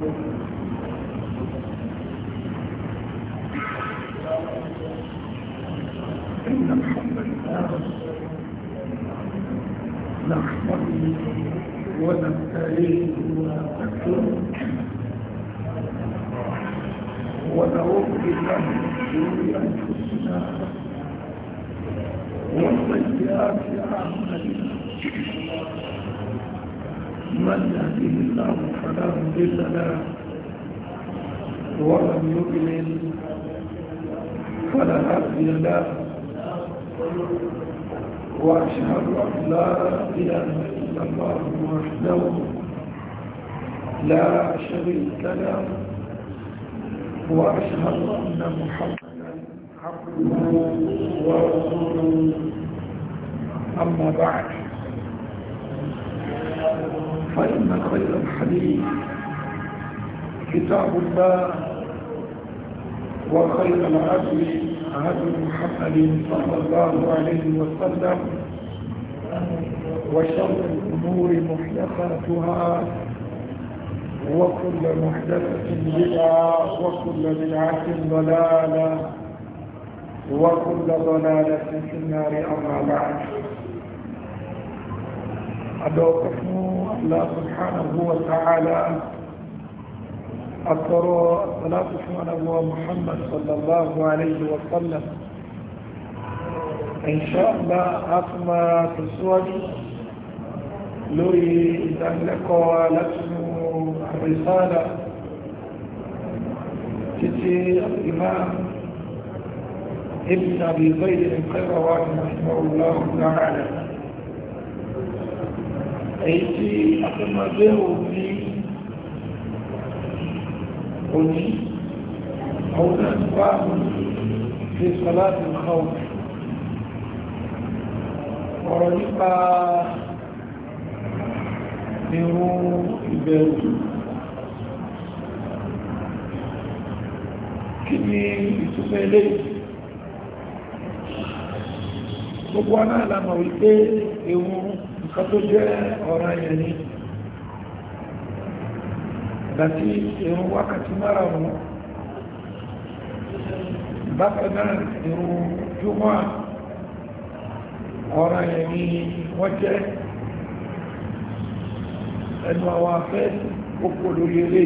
إن الحمد لله نحمده ونستعينه ونستغفره ونعوذ بالله من شرور أنفسنا وسيئات من يهديه الله فلا مضل له ومن يضلل فلا هادي له واشهد ان لا اله الا الله وحده لا شريك له واشهد ان محمدا عبده ورسوله اما بعد فإن خير الحديث كتاب الله وخير العدل هدي محمد صلى الله عليه وسلم وشر الأمور محدثاتها وكل محدثة بدعة وكل بدعة ضلالة وكل ضلالة في النار أما بعد adọ́kọ̀ fún Allah subhanahu wa ta'ala atọ́rọ salatu fún aláwọ̀ Muhammad sallallahu alayhi wa sallam insha Allah a tún máa tẹ̀síwájú lórí ìdánilẹ́kọ̀ọ́ látinú àrísáàdà títí imam ابن أبي زيد القيرواني رحمه الله تعالى èyí tí àtẹ̀mọ́gbé òní òní ọ̀nà wà ní sọ́láàtì kọ́ọ̀ ọ̀rọ̀ nípa irun ìbẹ̀rù kí ni ìtumọ̀ eléyìí gbogbo aná wípé ewu kan tó jẹ́ ọ̀rọ̀ ayẹ̀ ni láti irun wákàtí márùn-ún bákan náà irun jùmọ́ ọ̀rọ̀ ayẹ̀ ni wọ́n jẹ́ ẹnu àwọn afẹ́ òkò lórí eré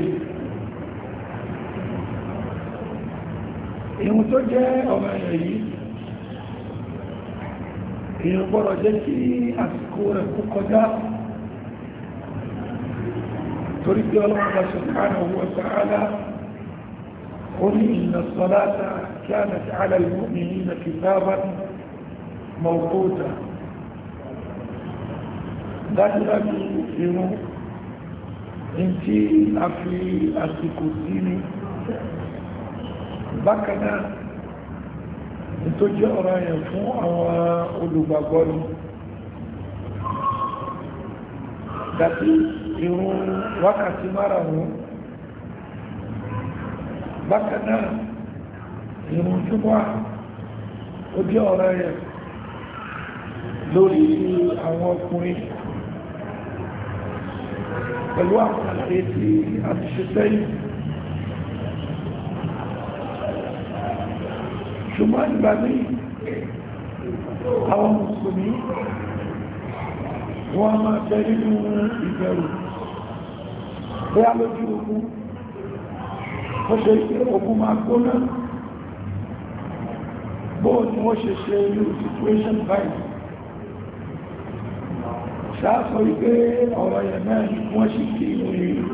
tó jẹ́ ọ̀rọ̀ ayẹ̀ yìí èèyàn gbọ́dọ̀ jẹ́ kí àsìkò rẹ̀ kú kọjá torí pé ọlọ́pàá subhanahu wa ta'ala ó ní inna salata kanat 'ala al-mu'minina kitaban mawquta dájúdájú irun in tí a fi àsìkò sí ni bákanáà tó jẹ́ ọ̀rọ̀ yẹn fún àwọn olùgbàgbọ́ ni dàbí ìrun wákàtí márùn-ún bákan náà ìrun jùmọ́ ó jẹ́ ọ̀rọ̀ yẹn lórí àwọn ọkùnrin pẹ̀lú àwọn àti àti ṣùgbọ́n ìgbà ní àwọn mùsùlùmí wọ́n máa jẹ́ nínú ìbẹ̀rù bí a lójú ogun ó ṣe ṣe ogun máa gbóná bóò ni wọ́n ṣe ṣe irú situation báyìí ṣáàsọ wípé ọ̀rọ̀ yẹ̀ náà wọ́n ṣe kí ìròyìn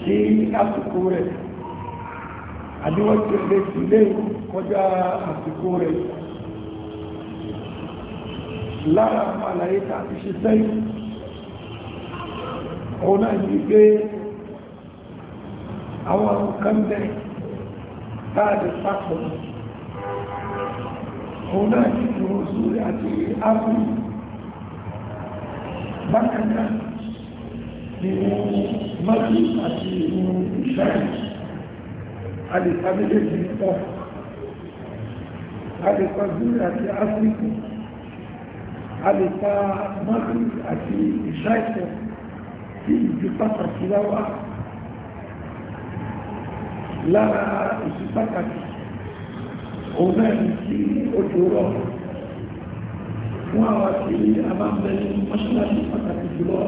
sí àsìkò rẹ̀ àdíwọ́n ti rẹ̀ sílé ìrùn kọjá àsìkò rẹ̀ lára àwọn àlàyé tàbí ṣe sẹ́yìn òun náà ní pé àwọn nǹkan bẹ̀ táàdì papọ̀ òun náà ní ìrùn sórí àti ápù bákan náà ní mọ́tí àti ìrùn ìṣẹ́ àdìsábílẹ̀ ìpọ̀ a lè sọ júlù àti áfíríkì a lè pa mọ́tò àti ìṣáìsọ̀ tí ìdí pàtàkì láwá lára ìdí pàtàkì òun náà ní sí ojú rọ fún àwọn àti abáńbẹ̀lẹ̀ mọ́ṣáláṣí pàtàkì jùlọ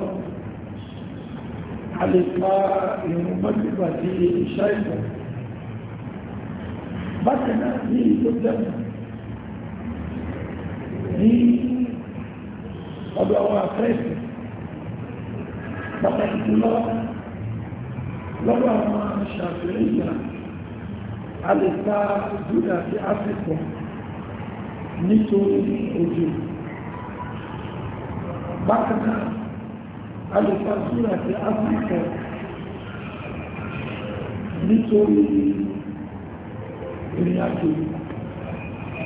a ìrùn mọ́tò àti ìṣáìsọ̀ bákan ní ìlú jẹ́mù ní ọdún àwọn àfẹ́ẹ̀sì pàtàkì jùlọ lọ́wọ́ àwọn aṣàfihàn ìgbà a lè ta júdà sí áfíríkà nítorí òjò bákaná a lè ta júdà sí áfíríkà nítorí ìrìnàjò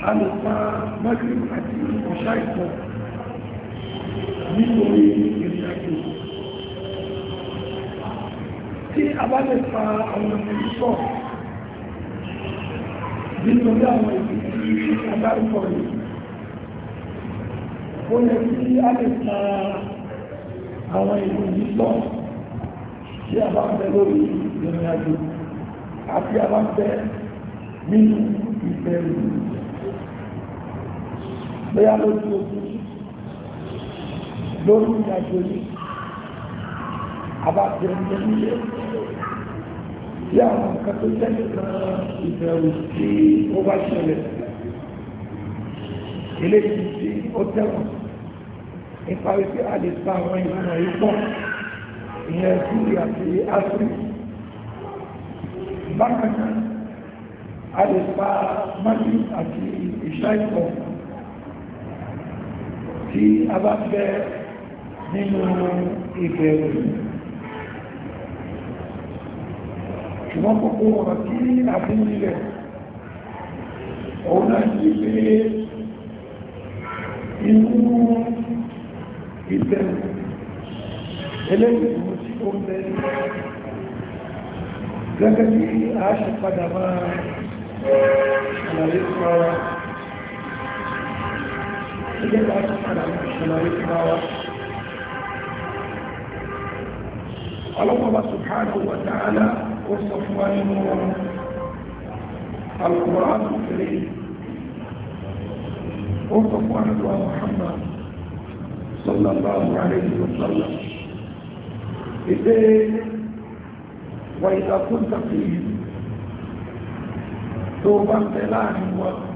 alùpà mẹ́rin àti ọ̀ṣá ìpọ̀ nítorí ìrìnàjò tí a bá lè pa àwọn ìrìnàjò nítorí àwọn ìrìnàjò agbárúkọ rẹ̀ ó lè tí a lè pa àwọn ìrìnàjò tí a bá ń bẹ lórí ìrìnàjò àti a bá ń bẹ nínú ìbẹ̀rù bóyá lójú ojú lórí ìrìnàjò ní àbájẹ oúnjẹ nílé tí àwọn nǹkan tó jẹ́ nìkan ìbẹ̀rù tí ó bá ṣẹlẹ̀ eléyìí tí ó tẹ̀wọ̀n nípa wípé a lè pa àwọn ìrìnà yìí pọ̀ ìyẹn júlì àti áfírí bákan náà a lè pa mali àti ìṣáìpọ̀ tí a bá bẹ nínú ìbẹ̀rù ṣùgbọ́n gbogbo ọ̀rọ̀ tí a fi ń rílẹ̀ òun náà ti pé inú ìbẹ̀rù eléyìnbó tí ó ń gẹ́gẹ́ bí a ṣe padà máa ṣàlàyé fún ara idan da aka fara samarin kawa Allah subhanahu wa ta'ala ko safuwa ne mu al-Qur'an al-Karim ko safuwa ne wa Muhammad sallallahu alaihi wa sallam idan wa idza kunta fihi توبا تلاه وقت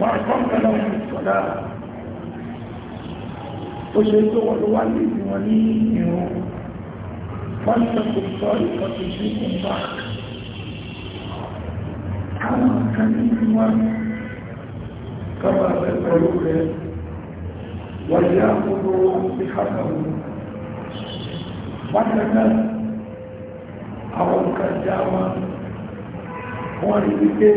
وأقمت لهم الصلاة وشهدت والوالد وليه فلتكن طائفة منكم معك على كلمة كما تقولون وليأخذوا أسلحتهم فلتكن àwọn kan já wọn wọ́n rí wípé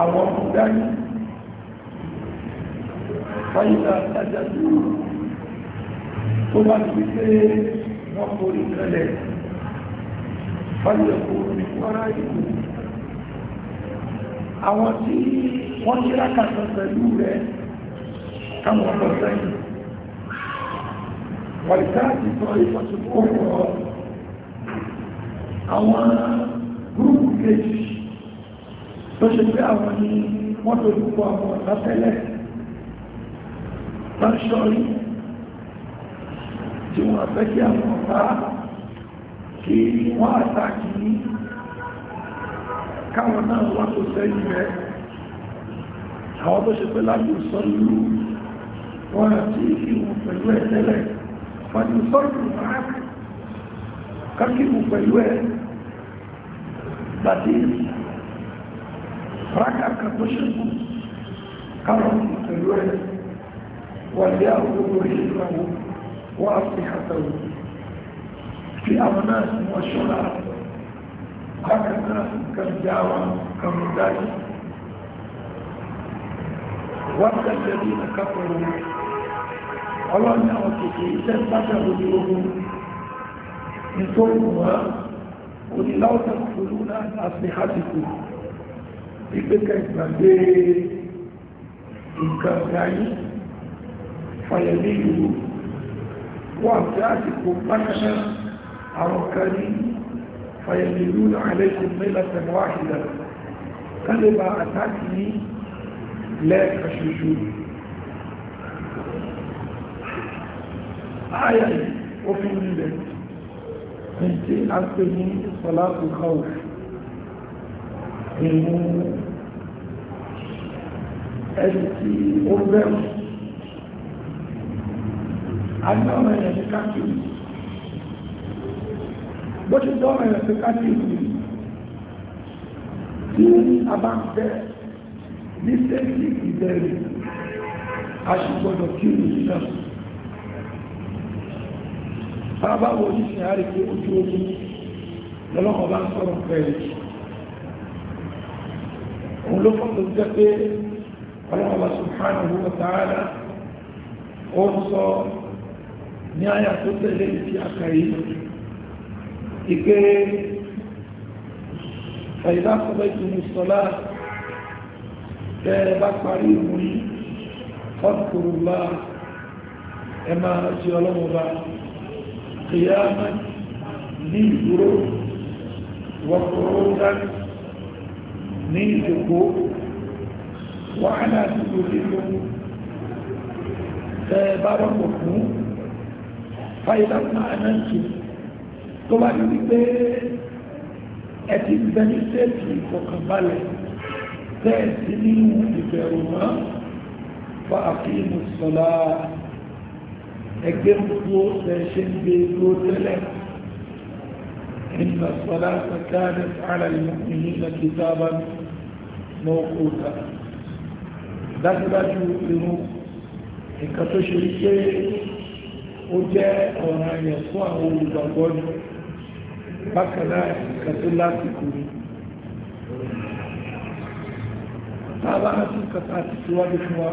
àwọn ọmọ dání fáyílá àjájú tó bá ti pé wọ́n forí tẹ́lẹ̀ fáyílá kò rí wọ́rá ìlú àwọn tí wọ́n ti rákàtọ̀ pẹ̀lú rẹ̀ káwọn ọmọ sẹ́yìn wàlìtáàtì sọ ìfọ̀sùn kò rọ̀ àwọn gúrùpù kejì tó ṣe pé àwọn ni wọ́n tó lùkọ́ àwọn ọ̀tá tẹ́lẹ̀ bá ń ṣọ́rí tí wọ́n fẹ́ kí àwọn ọ̀tá kí wọ́n àtàkì káwọn náà wọ́n tó sẹ́yìn rẹ̀ àwọn tó ṣe pé láti sọ ìlú wọ́n àti ìwọ̀n pẹ̀lú ẹ̀ tẹ́lẹ̀ wọ́n sọ́rọ̀ rákàkà tó ṣẹ́kù káwọn pẹ̀lú ẹ̀ wà ní àwọn orí ìràwọ̀ wọ́n á fi àtàwò kí àwọn náà sì wọ́n ṣọ́ra rákàkà kan jáwa kan dájú wọ́n tẹ̀lé bí i kápẹ̀lú ọlọ́ni àwọn kèkè ìgbéka ìgbàgbé nǹkan gáyí fàyẹ̀mí ìlú wà tí a ti kò bákaná àwọn kari fàyẹ̀mí ìlú náà aléṣe mẹ́lá tẹ̀wọ́ àìdá kálébà àtàkì ní lẹ́ẹ̀kà ṣoṣo ayayi ó fi ń rẹ̀ ẹ̀jẹ́ àpẹ ní sọ́lá ní ẹni tí ó bẹ̀rù àdáwọn ẹ̀yẹ̀ ti káàkiri bó ṣe dáwọn ẹ̀yẹ̀ ti káàkiri tí a bá ń bẹ́ ní sẹ́ẹ̀kì ìbẹ̀rẹ̀ a ṣe gbọ́dọ̀ kí o ní náà bá bá wo ní ṣe àríkẹ́ ojú ogun lọ́lọ́kọ̀ọ́ bá ń sọ̀rọ̀ pẹ̀lú òun ló fọ́n tó jẹ́ pé ọlọ́wọ́ subhanahu wa ta'ala ó ń sọ ní àyà tó tẹ̀lé ìfi àkàrí ìpé فإذا قضيتم الصلاة فبقريهم فاذكروا الله أما أتي الله قياما للجروب وقعودا ní ìjòkó wàhálà àdúgbò lílo tẹ́ bá rọ́pò fún fáyílá máa náà jù tó bá ní wípé ẹ ti bẹ ní sẹ́ẹ̀tì ìfọ̀kànbalẹ̀ tẹ́ẹ̀ nínú ìbẹ̀rù náà fa àfihàn sọ́lá ẹgbẹ́ gbogbo ṣẹ̀ṣẹ́ ń ló tẹ́lẹ̀ إن الصلاة كانت على المؤمنين كتابا mọ́kó ta dájúdájú irun nǹkan tó ṣe wípé ó jẹ́ ọ̀ràn ayẹ̀ fún àwọn olùgbàgbọ́ ni bákan náà nǹkan tó lásìkò ni tábà láti nǹkan tá a ti síwájú fún wa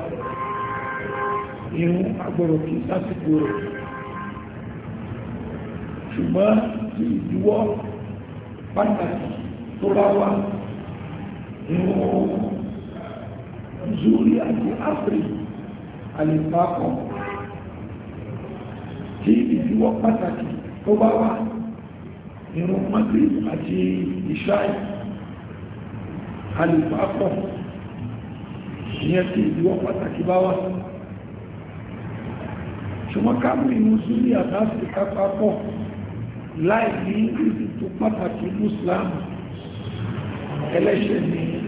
irun agbọ̀rọ̀ kì lásìkò rẹ̀ ṣùgbọ́n tí ìdíwọ́ zuri àti afri alìpapọ̀ tí ìdíwọ́ pàtàkì tó bá wà ìrun Maghrib àti ìṣáì alìpapọ̀ ìyẹn tí ìdíwọ́ pàtàkì bá wà ṣùgbọ́n káàmù inú zuri àti afirika papọ̀ láì ní ìdí tó pàtàkì muslim ẹlẹ́ṣẹ̀ ni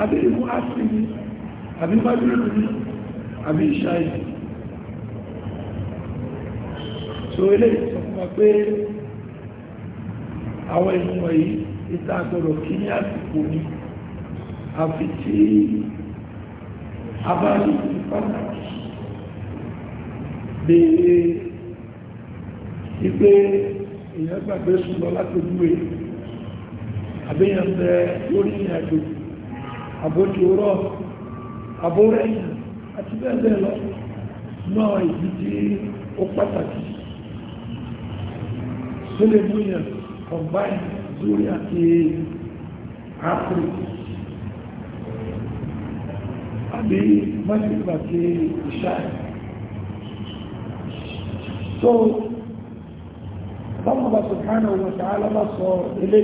àbí ìmú áfíìní àbí májúlù àbí so ilé ìsọ̀kúnmọ̀ pé àwọn ìmọ̀ yìí ìta àgbọ̀rọ̀ kí ní àsìkò ní àfi tí a bá rí pàtàkì bèèrè ìgbé èèyàn gbàgbé sùn lọ àbíyàn bẹ lórí ìrìnàjò àbójúrọ́ àbórẹ́yìn àti bẹ́ẹ̀ lọ náà ìdí tí ó pàtàkì tó lè mú yàn combine zuri àti afri àbí mọ́sílù àti ìṣáì so bọ́mọ̀ bá sọ̀hánà wọn tààlà bá sọ ilé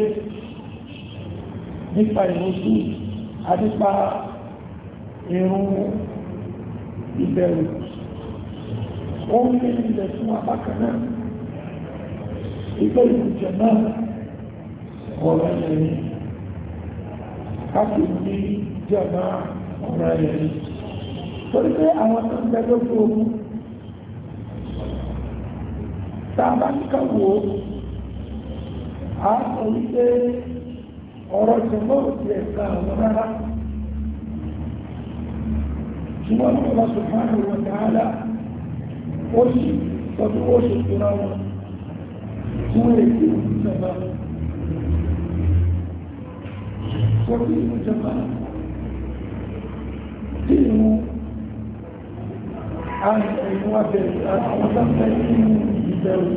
nípa ìwọ̀n zuri àdípa irun ìbẹ̀rù ó ń lé ilẹ̀ fún apákan náà ìgbé ìrìnjẹ̀ náà ọ̀rọ̀ ẹ̀yìn káàkiri ní jẹ́mà ọ̀rọ̀ ẹ̀yìn torí pé àwọn tó ń bẹ lójú ogun tá a bá ní a sọ ọ̀rọ̀ tí wọ́n ò tiẹ̀ ka àwọn rárá ṣùgbọ́n ní ọba subhanahu wa ta'ala ó sì sọ bí wọ́n ṣe tura wọn tí wọ́n lè fi òun jọba sọ bí òun jọba tí ìlú àwọn ẹ̀yìn wa bẹ̀rẹ̀ àwọn tó ń ìbẹ̀rù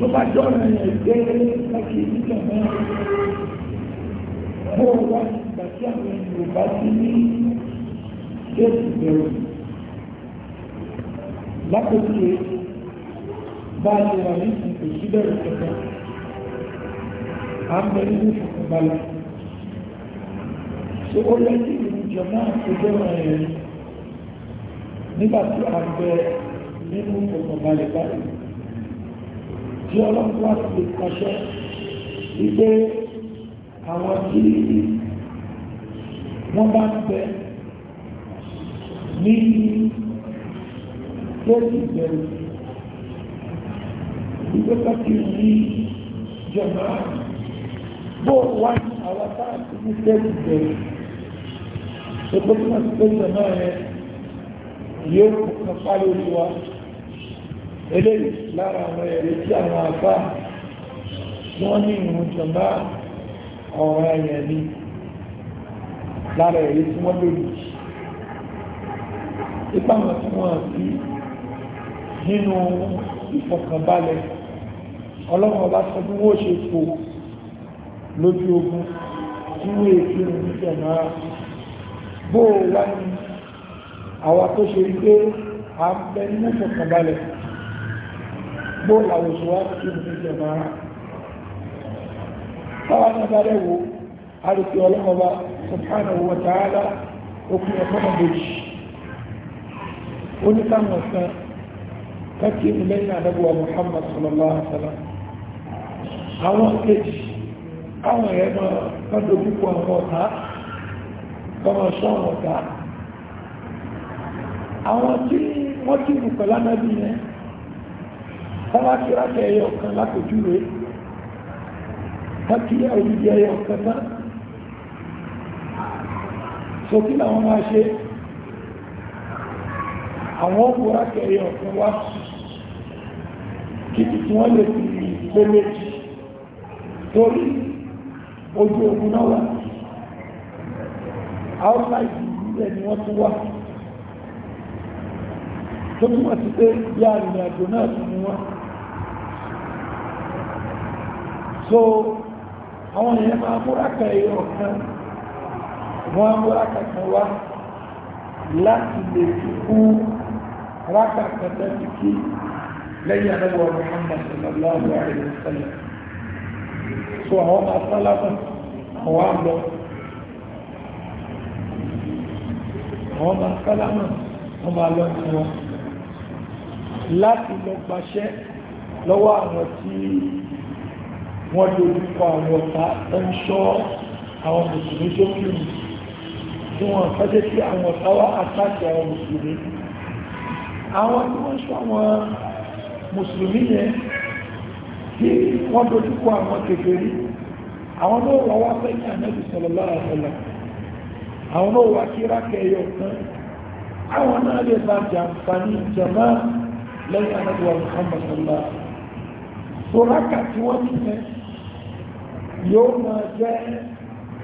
ló bá jọ ọ̀nà yẹn dé láti èyí kan náà mo wá ìgbà tí àwọn Yorùbá ti ní déètì bẹ̀rù lákòókò bá a lè wà ní ìsìnkú síbẹ̀rù kẹta à ń bẹ nínú ìfọ̀kànbalẹ̀ tó ó lé ní ìlú jọmọ́ àtijọ́ rẹ̀ nígbà tí a ń bẹ nínú ìfọ̀kànbalẹ̀ báyìí tí ọlọ́run wá sí ìkàṣẹ́ wípé àwọn tí wọ́n bá ń bẹ ní lórí ìbẹ̀rù wípé káàkì ní jọba bó wá àwọn táàkì ní lórí ìbẹ̀rù tó gbọ́dọ̀ sí pé jọba rẹ̀ yóò kọ́kọ́ lórí wa eléyìí lára àwọn ẹ̀rí tí àwọn afá wọ́n ní ìrùn jọba ọ̀rọ̀ ẹ̀yẹ̀ ni lára ẹ̀rí tí wọ́n lòdì ipa wọn tí wọ́n sí nínú ìfọkànbalẹ̀ ọlọ́run ọba sọ bí wọ́n ṣe fò lójú ogun tí wọ́n èké ìrùn jọba bó wá ní àwa tó ṣe rí pé à ń bẹ nínú ìfọkànbalẹ̀ bó làwòsùn wá sí ìjọ máa táwọn náà bá rẹ̀ ọlọ́mọba subhanahu wa ta'ala òkun ẹ̀fọ́nà méjì ó kẹ́kì lẹ́yìn àdẹ́bùwà sallallahu àwọn tọ́lákì rákẹ̀ ẹyẹ ọ̀kan lápòjúwe tọ́kíyà òjújẹ ẹyẹ ọ̀kan tán so kí làwọn máa ṣe àwọn ọkọ̀ rákẹ̀ ẹyẹ ọ̀kan wá títí tí wọ́n lè fi pé méjì torí ojú ogun náà wà outside ilẹ̀ ni wọ́n tún wà tó túnmọ̀ sí pé yáà ìrìn àjò náà tún ni wọ́n so àwọn èèyàn máa múrákà ẹ̀yọ ọ̀kan wọ́n múrákà kan wá láti lè fi kú rákà kan tẹ́sí kí lẹ́yìn àdọ́gbọ̀ Muhammad sallallahu alaihi wasallam so àwọn máa sálámà àwọn àlọ àwọn láti lọ gbaṣẹ́ lọ́wọ́ àwọn tí wọ́n lè orúkọ àwọn ọ̀tá ẹ̀ńṣọ́ àwọn mùsùlùmí tó kírun tí wọ́n fẹ́jẹ́ sí àwọn ọ̀tá wá àtàkì àwọn mùsùlùmí àwọn tí wọ́n ṣọ́ àwọn mùsùlùmí yẹn tí wọ́n dojúkọ àwọn kékeré àwọn náà wà wá fẹ́ kí ànábì sallallahu alaihi wasallam àwọn náà wà kí rákẹ́ yọ kan àwọn náà lè bá jàǹfààní jàmá lẹ́yìn ànábì wa Muhammad sallallahu alaihi wasallam tí wọ́n ti mẹ́ yóò máa jẹ́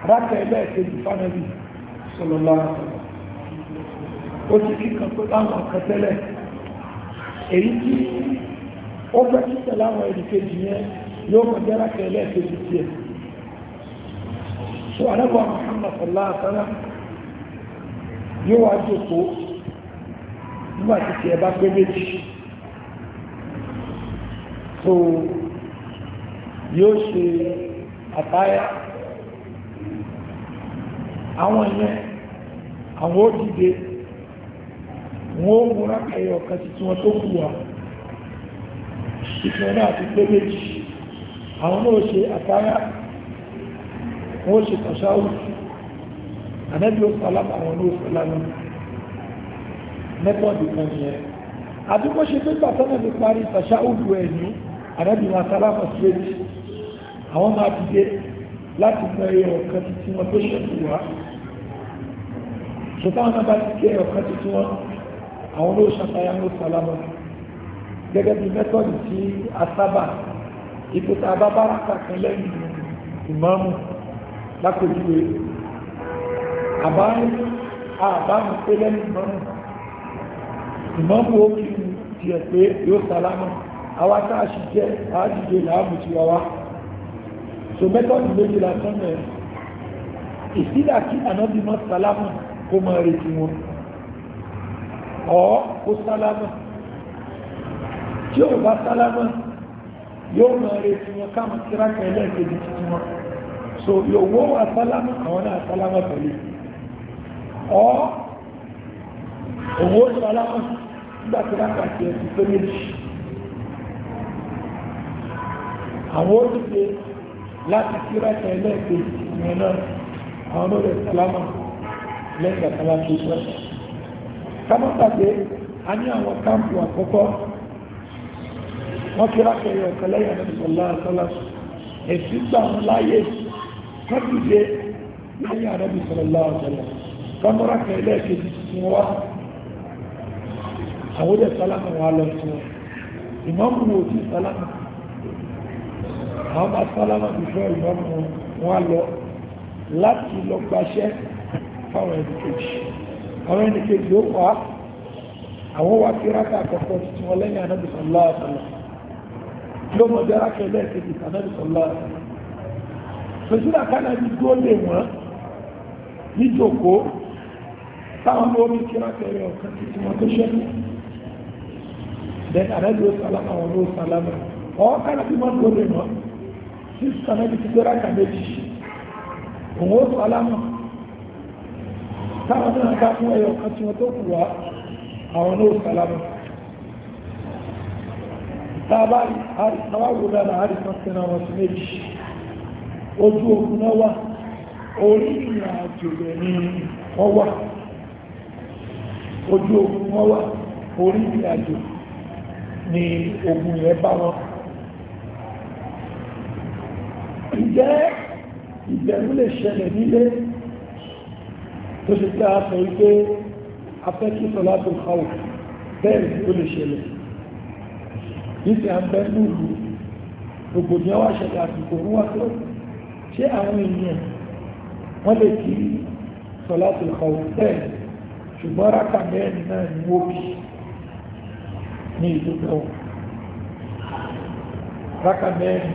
rákà ẹlẹ́ẹ̀kejì fánàbí sọlọ́lá ó ti kíkan tó láwọn akẹtẹ́lẹ̀ èyí tí ó fẹ́ títẹ̀ láwọn ẹ̀dìkejì yẹn yóò máa jẹ́ rákà ẹlẹ́ẹ̀kejì tiẹ̀ so anábọ̀ Muhammad sọlá àtàlá yóò wá jókòó nígbà tí tiẹ̀ bá pé yóò ṣe àtàyà àwọn ìyẹn àwọn ó dìde wọ́n ó múra ẹyọ kan sí tí wọ́n tó kù wà ìfẹ́ náà ti pé méjì àwọn náà ṣe àtàyà wọ́n ṣe tọ̀ṣáwù ànẹ́bí ó sàlámà àwọn ní òfin lánà mẹ́tọ́dì kan ni ẹ àdúgbò ṣe pé gbàtọ́nà ti parí tọ̀ṣáwù ẹ̀yìn ànẹ́bí wọn sàlámà sí èjì àwọn máa dìde láti mọ ẹyẹ ọ̀kan títí wọn tó ṣẹ̀kù wá ṣùgbọ́n àwọn bá ti kẹ́ ọ̀kan títí wọn àwọn ló ṣàtàyà ló sàlámọ́ gẹ́gẹ́ bí mẹ́tọ́dì tí a sábà ipò tá a bá bára kàkan lẹ́yìn ìmáàmù lápòjúwe àbáyé àbámu pé lẹ́yìn ìmáàmù ìmáàmù ó kí tiẹ̀ pé yóò sàlámọ́ àwa tá a sì jẹ́ àádìde làámù tiwa wá so mẹ́tọ́dì méjì lásán mẹ́ ìsídà kí ànábì mọ́ sálámà kó máa retí wọn ọ̀ kó sálámà tí ó bá sálámà yóò máa retí wọn káàmù kíráka ẹlẹ́ẹ̀kejì títí wọn so yóò wọ́ wà salam, àwọn náà salam pẹ̀lú ọ̀ òun ó sálámà nígbà kíráka kí ẹ ti tó méjì àwọn ó ti ṣe láti kíráta ẹlẹ́ẹ̀kẹ́ ìrìn náà àwọn olóòrẹ̀ sálámà lẹ́yìn àtàlá tó sọ kámọ́tàgbé a ní àwọn káàmpù àkọ́kọ́ wọ́n kíráta ẹyọ ọ̀kan lẹ́yìn àdẹ́sọ̀lá àtàlá èsì gbà wọn láyé wọ́n ti dé lẹ́yìn àdẹ́sọ̀lá àtàlá kámọ́tàgbé ẹlẹ́ẹ̀kẹ́ ti wá àwọn olóòrẹ̀ sálámà àwọn bá sálámà bífọ́ ìmọ̀mù wọn lọ láti lọ gbaṣẹ́ fáwọn ẹni kejì àwọn ẹni kejì ó wà àwọn wá kí rákà àkọ́kọ́ títí wọn lẹ́yìn anábì sọ̀lá àtàlà ló mọ̀ jẹ́ rákà ẹlẹ́ẹ̀kejì anábì sọ̀lá àtàlà sọ̀sílà kánábì dúró lè wọ́n níjòkó táwọn lórí kí rákà ẹ̀rẹ́ ọ̀kan títí wọn tó ṣẹ́kù then anábì ó sálámà wọn ló sálámà ọ̀ kánábì mọ́ dúró lè wọ́n sísọ náà ti gbéra kà méjì òun ó sọ alámọ̀ táwọn náà bá fún ẹyọ kan tí wọ́n tó kù wá àwọn náà sọ alámọ̀ tábà àwáwò dára àríkan sí náà wọ́n sí méjì ojú ogun oju wà orí ìrìn ni ogun ìjẹ́ ìbẹ̀rù lè ṣẹlẹ̀ nílé tó ṣe pé a sọ wípé afẹ́kí sọlátò kàwọ̀ bẹ́ẹ̀ tó lè ṣẹlẹ̀ nítorí à ń bẹ́ lúlu gbogbo ní ọwọ́ ṣẹlẹ̀ àsìkò ń wá tó ṣé àwọn ènìyàn wọ́n lè kí sọlátò kàwọ̀ bẹ́ẹ̀ ṣùgbọ́n rákà mẹ́rin náà ni wó bí ní ìlú rákà mẹ́rin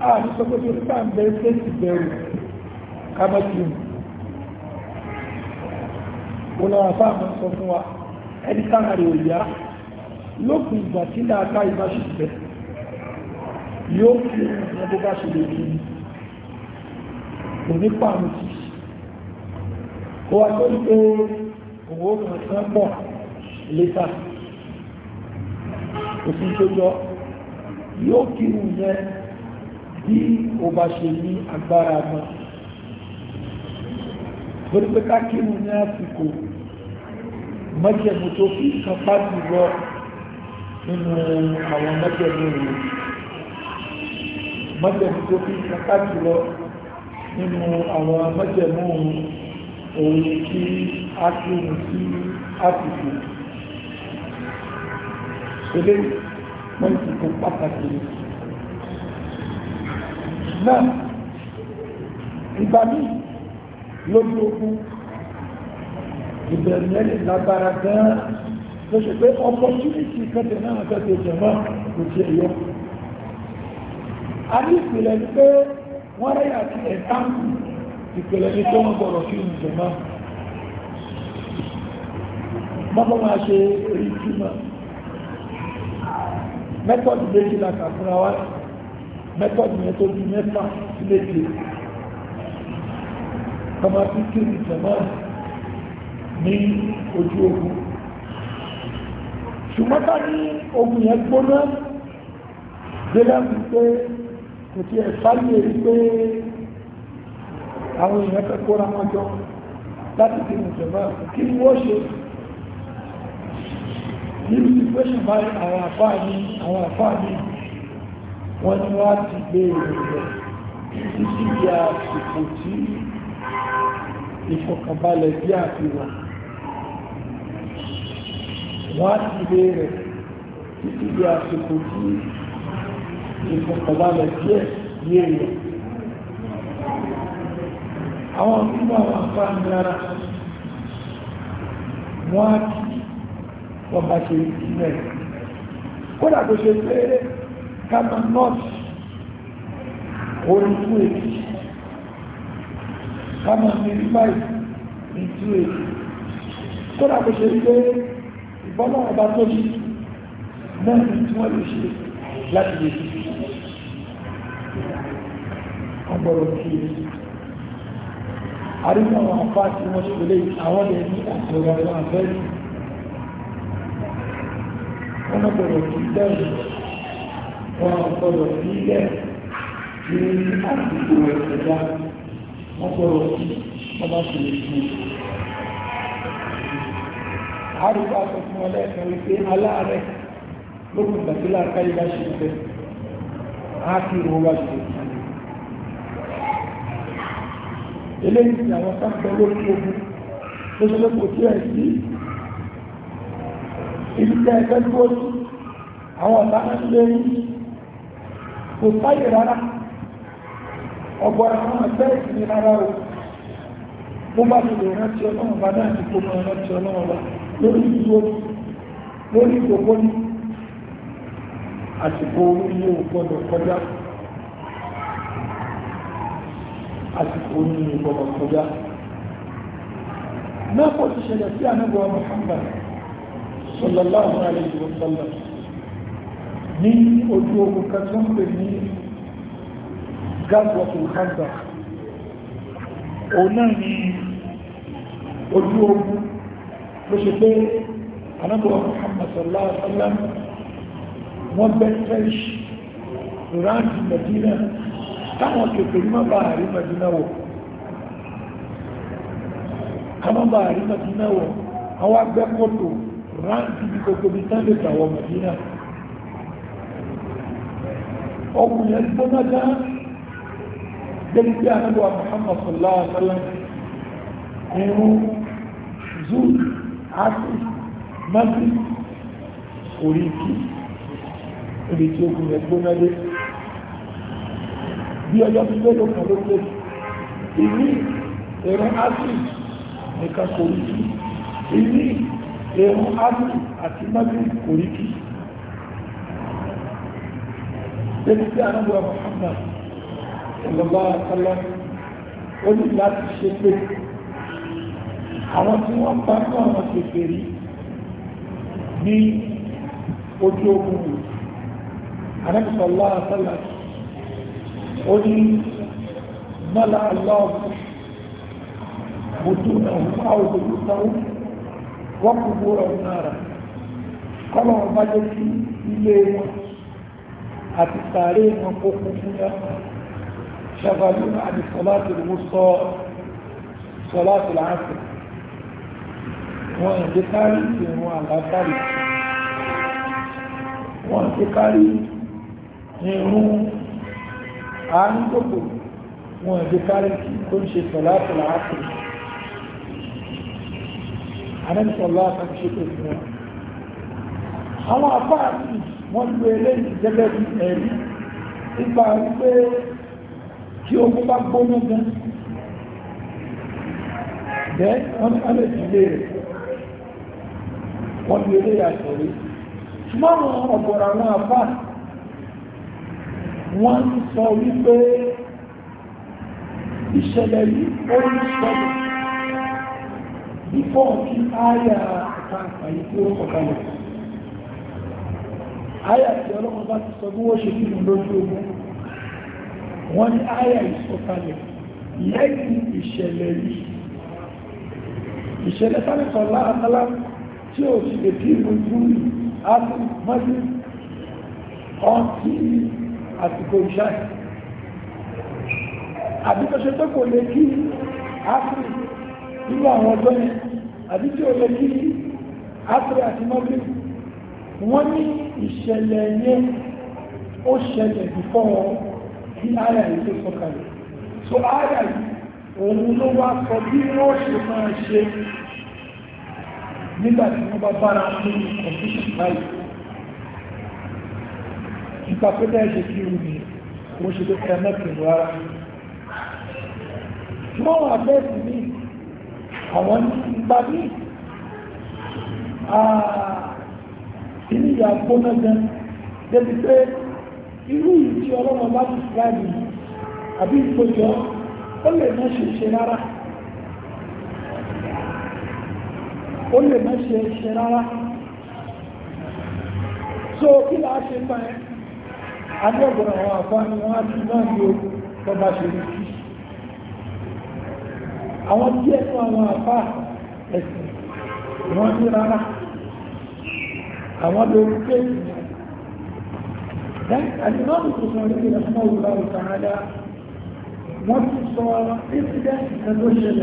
a ah, ní sọ pé torí ká ń bẹ ṣe ti bẹ̀rù kábàkìm wọn náà fà máa sọ fún wa ẹni tára rẹ̀ ò yá lópin ìgbà tí láàká ìbáṣe bẹ̀ yóò fi ohun bó bá ṣe lè rí ni kò ní pàmì tì kó wa tó ń pé òun ó kàn sán pọ̀ létà òfin tó jọ yóò kírun yẹn bí o bá ṣe ní agbára mọ́ torí pé kákírù ní àsìkò mọ́jẹ̀mú tó fi kan pàtì lọ nínú àwọn mọ́jẹ̀mú rẹ̀ mọ́jẹ̀mú tó fi kan pàtì lọ nínú àwọn mọ́jẹ̀mú òun kí a kírù sí àsìkò eléyìí pọ́ǹtì kan pàtàkì rẹ̀ islam ìgbà míì lójú ogun ìbẹ̀rù yẹn lè lágbára gan-an ló ṣe pé opportunity kẹtẹ náà kẹtẹ ìjọba kò ti ẹ̀yọ a ní ìpìlẹ̀ ní pé wọ́n rẹ̀ àti ẹ̀ka ìpìlẹ̀ ní tó wọ́n gbọ́rọ̀ sí ìjọba mọ́bọ́ máa ṣe orí túmọ̀ mẹ́tọ̀dù méjìlá kàkúra wáyé mẹ́tọ́dù yẹn tó bí mẹ́fà léde kọmọ bí kiri jẹ̀mọ́ ní ojú ogun ṣùgbọ́n ká ní ogun yẹn gbóná gbéra mi pé kò tí ẹ̀ fáyé pé àwọn èèyàn fẹ́ kóra wọn jọ láti kí ní ìjọba kí ni wọ́n ṣe nínú situation báyìí àwọn àfáà ní àwọn àfáà ní wọ́n ní wá ti gbé ìrìnlẹ̀ títí bí àsìkò tí ìfọ̀kànbalẹ̀ bí àfihàn wọ́n ti gbé rẹ̀ títí bí àsìkò tí ìfọ̀kànbalẹ̀ díẹ̀ ní èèyàn àwọn nínú àwọn àǹfààní rárá wọ́n á kí wọ́n bá ṣe ìsinmi kódà kò ṣe pé kama nọ́ọ̀sì orí tú èdè kama mìírí báyìí ní tú èdè kódà kò ṣe pé ìbọ́nà ọba tó ṣe náà ní tí wọ́n lè ṣe láti lè ṣe ọgbọ̀rọ̀ kí ni àríwá àwọn afá tí wọ́n ṣe lè àwọn lè ní àtọ̀rọ̀ àwọn afẹ́rù wọ́n náà bọ̀rọ̀ kí dẹ́rù wọn gbọ́dọ̀ sí ilẹ̀ ní àdúgbò ẹ̀kọ́já wọ́n gbọ́dọ̀ sí wọ́n bá ṣe lè fún un. àrùkọ aṣọ fún ọ lẹ́ẹ̀kan wípé aláàárẹ̀ lókùn ìgbàsí láàká yìí bá ṣe ń fẹ́ á kí wọn bá ṣe lè fún un. eléyìí ni àwọn sáfẹ́ lórí ogun tó ṣe lókùn tí ẹ̀ sí ibi tí ẹ̀kẹ́ dúró sí àwọn ọ̀tá ń lé ní kò fáyè rárá ọgbọ́ àwọn ẹgbẹ́ ìsinmi rárá o bó bá ti lè rántí ọlọ́run bá náà ti kó mọ rántí ọlọ́run wa lórí ìdúró lórí ní àsìkò oníyé kọjá àsìkò oníyé kọjá náà ti ṣẹlẹ̀ ní ojú ogun kan tó ń pè ní gazwatu hanza òun náà ni ojú ogun ló ṣe pé anábọ̀wà Muhammad sallallahu alaihi wasallam wọ́n bẹ́ fẹ́ṣ ìrántí Madina táwọn kèfè ní mọ́bà àrí Madina wọ̀ kọmọ́bà àrí Madina wọ̀ àwọn agbẹ́kọ̀tò rántí ní gbogbo bí tán lè tàwọ̀ Madina wọ̀ ọkùnrin yẹn gbóná gan débi pé anábíwá Muhammad sallallahu alaihi wa sallam irun zoo axis mọ́tì orí kí ibi tí ogun yẹn gbóná dé bí ọjọ́ tí lé lókun ló lé ìní ẹ̀rùn axis nìkan kò kí ìní ẹ̀rùn axis àti mọ́tì kò kí débi tí anábọ̀ Muhammad ìlọ́lá àtàlá ó ní láti ṣe pé àwọn tí wọ́n bá ní àwọn kèfè rí ní ojú ogun rẹ̀ anábìsọ̀lá àtàlá ó ní mọ́lá aláwọ̀ àti sàárè wọn kó kún fún yá ṣàbàlú àti sọ́láàtì ló sọ sọ́láàtì láàáfì wọ́n ìdí kárí ìrún àlátàrí wọ́n ìdí kárí ìrún àánú gbogbo wọ́n ìdí kárí tó ń ṣe sọ́láàtì láàáfì anẹ́sọ̀lá àti ṣe pẹ̀lú wọn àwọn afáàrí wọ́n lo eléyìí gẹ́gẹ́ bí ẹ̀rí nípa wípé kí ogun bá gbóná gan jẹ́ wọ́n ní alẹ́ ìdílé rẹ̀ wọ́n lo eléyìí àtọ̀rí ṣùgbọ́n àwọn ọ̀gọ̀rọ̀ àwọn àbá wọ́n ń sọ wípé ìṣẹ̀lẹ̀ yìí ó ń sọ̀rọ̀ bí fọ́ọ̀kí áyà àkàkà tí ó kọ̀kalẹ̀ àyà tí ọlọ́run bá ti sọ bí wọ́n ṣe sínú lójú ogun wọ́n ní àyà ìsọ̀kalẹ̀ lẹ́yìn ìṣẹ̀lẹ̀ yìí ìṣẹ̀lẹ̀ sáàrẹ̀sọ̀ láàtàlá tí ó ti lè tí ìlú júrì àti mọ́sí ọtí àsìkò ìṣáì àbíkọ́ṣe tó kò lè kí áfírí nínú àwọn ọjọ́ yẹn àbí tí ó lè kí áfírí àti mọ́sí wọ́n ní ìṣẹ̀lẹ̀ yẹn ó ṣẹlẹ̀ bífọ́ wọn kí ara yìí tó sọ̀kalẹ̀ so ara yìí òun ló wá sọ bí wọ́n ṣe máa ṣe nígbà tí wọ́n bá bára nínú kọ̀m̀pútà báyìí nípa pé bẹ́ẹ̀ ṣe kí omi wọ́n ṣe ló fẹ́ mẹ́tìrì rárá wọ́n wà bẹ́ẹ̀ sí ní àwọn ìgbà míì nínú ìyá gbóná gan débi pé bá ti síláàbì àbí ìkójọ ó lè má ṣe ṣe rárá ó lè má ṣe ṣe rárá so kí là ṣe fa ẹ adébọ̀rọ̀ àwọn àfáàní wọn á ti náà ní ogun tó bá ṣe rí sí àwọn díẹ̀ fún àwọn àfáà ẹ̀sìn wọn ní àwọn lórí kéèkì yẹn الإمام البخاري رحمه الله تعالى وصف إبدا كالرجل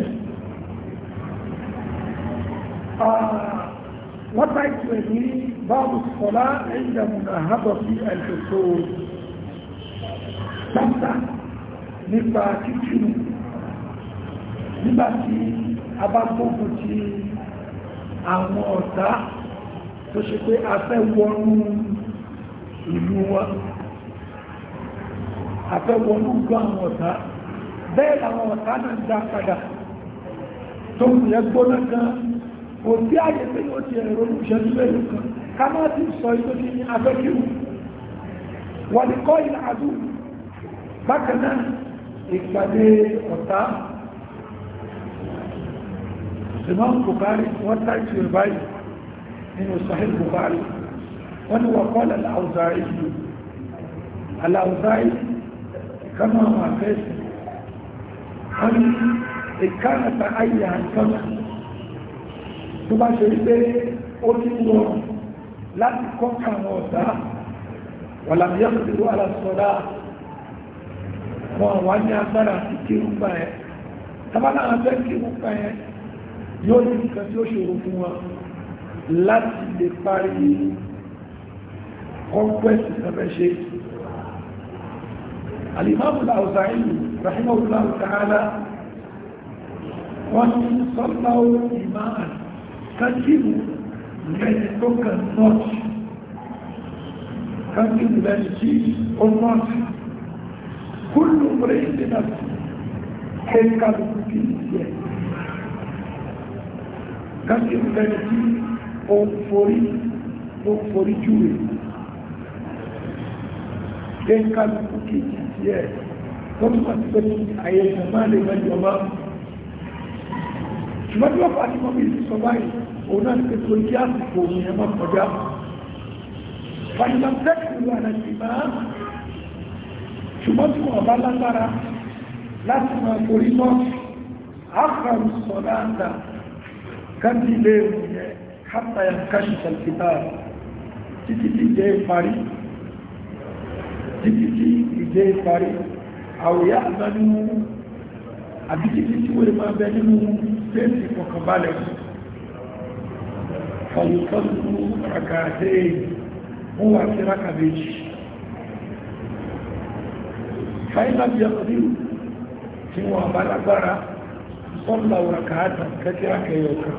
وضعت به بعض الصلاة عند مناهضة في الحصول سمتع nípa kíkínú nígbàtí a bá kókò tí àwọn ọ̀tá tó ṣe pé a fẹ́ wọnú ìlú wọn a fẹ́ wọnú gbọ́ àwọn ọ̀tá bẹ́ẹ̀ làwọn ọ̀tá náà dá padà tó ń yẹ gbóná gan kò sí àyè pé ó ti ẹ̀rọ ìṣẹ́jú mẹ́lú kan ká má ti sọ ìtò ní abẹ́kíwù wọ́n ni kọ́ ìlà àdú bákan náà ìpàdé ọ̀tá ìmọ̀ kòkárí wọ́n táìtì rẹ̀ báyìí nínú sahih bukhari wọ́n ni wọ́n kọ́lá aláwùzáì aláwùzáì kama wọn fẹ́sì wọ́n ni ìkánàta ayé àkọ́lá tó bá ṣe pé ó ti wọ́n láti kọ́kà wọn ọ̀dá wà lábíyà pẹ̀lú alásọ́lá wọn wá ní agbára àti kírun bá ẹ tàbá náà fẹ́ yóò ní nǹkan tí ó ṣòro fún wọn láti lè parí conquest ìsẹ̀fẹ́ṣe alimamula ọ̀sáyìn rahimahula ọ̀sáhálá wọ́n ní sọ́láwó ìmáà kájíwù lẹ́ni tó kàn nọ́ọ̀tì kájíwù lẹ́ni tí ó nọ́ọ̀tì kúlù mẹ́rin ìdínà kẹ́kàlùkù kìí jẹ́ kájíwù lẹ́ni ó ń forí ó ń forí júwe ṣe ń ká lóko kejì sí ẹ̀ tó ń pàtí pé ayé ìjọba lè má jọba ṣùgbọ́n tí wọ́n fà ní mọ́bí ìsọ báyìí òun náà ti tó kí àsìkò òun yẹn má kọjá fàyínàmtẹ́kì ló àná ti máa ṣùgbọ́n hátà yà káṣì sàlìkítà títí tí ìjẹ́ ìparí títí tí ìjẹ́ ìparí àwòyá àdánimú àbí títí tí wọ́n lè máa bẹ nínú pẹ́ẹ̀sì kọ̀kànbalẹ̀ fàlùfàlù ràkàtẹ́ wọ́n wà sí rákàbẹ́jì fàílà bí ọdí tí wọ́n bá lágbára sọ́lá ràkàtà kẹ́kẹ́rà kẹyọ̀kan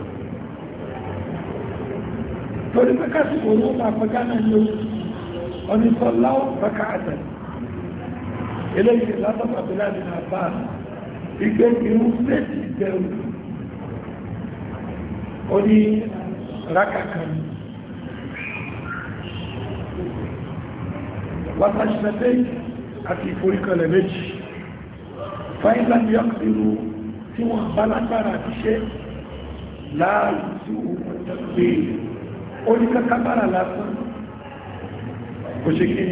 torí pé kásìkò owó máa pẹ́ká náà ní oṣù ọ̀nìtọ̀láwọ̀ pẹ́ká àtẹ̀ eléyìí látọ̀pọ̀ abúlé àdínà bá ìgbé irú méjì jẹun ó ní rákàkan wàtàṣẹ́fẹ́ àti ìforíkọlẹ̀ méjì fáìlàmì ọkùnrin tí wọ́n bá lágbára àti ṣe láàrín sí òun tẹ́lẹ̀ oníkàkàbára lásán kò ṣe kí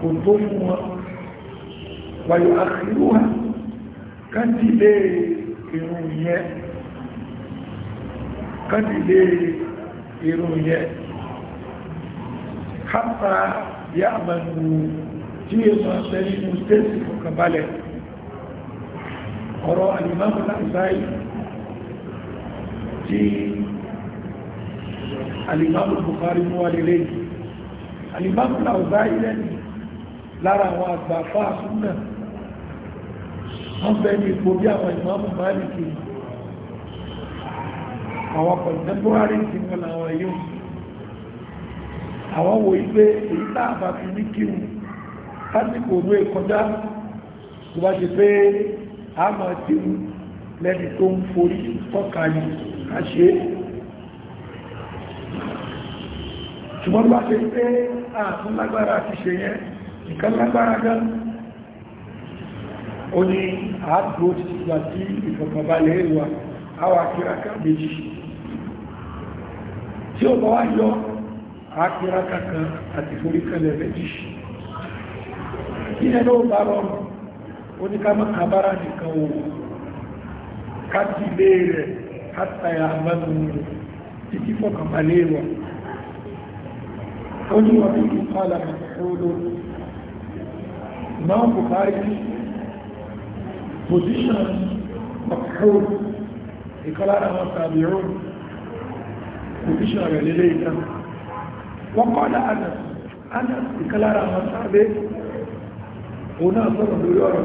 kò tó fún wọn wàyò àkíwà kádìlé irun yẹn kádìlé irun yẹn kápa yá àmàlù tí èso àṣẹ nínú tẹ́sì kọkànbalẹ̀ ọ̀rọ̀ alìmọ́mù láìsáì tí alìmáàmù Bukhari mú wà lélẹ́ yìí alìmáàmù làwùbá ilẹ̀ ni lára àwọn àgbà fáàfún náà wọ́n bẹ ní ipò bí àwọn ìmáàmù Málìkì àwọn contemporary ti mọ́ làwọn yóò àwọn wo ipé èyí táàbà fi ní kíhùn lásìkò òru èkọjá tó bá ṣe pé a máa ti lẹ́ni tó ń forí tọ́ka yìí ká ṣe é ṣùgbọ́n bá ṣe pé ààtún lágbára àti ṣe yẹn nǹkan lágbára gan o ní àádùgbò ti gbà sí ìfọ̀kànbalẹ̀ ìwà àwà kìrákà méjì tí ó bọ́ wá yọ àkìrákà kan àti foríkalẹ̀ méjì ilẹ̀ ló bá rọrùn oníkàmọ́ kàbára nìkan o ká ti lé rẹ̀ ká tàyà àmọ́ títí ó ní wọ́n bí i kọ́lá mẹ́fúrú náà Bukhari position mẹ́fúrú ìkọ́lá àwọn sàbírò position rẹ̀ lélẹ́ ìtàn wọ́n kọ́lá Anas Anas ìkọ́lá àwọn sàbẹ́ òun náà sọ̀rọ̀ lórí ọ̀rọ̀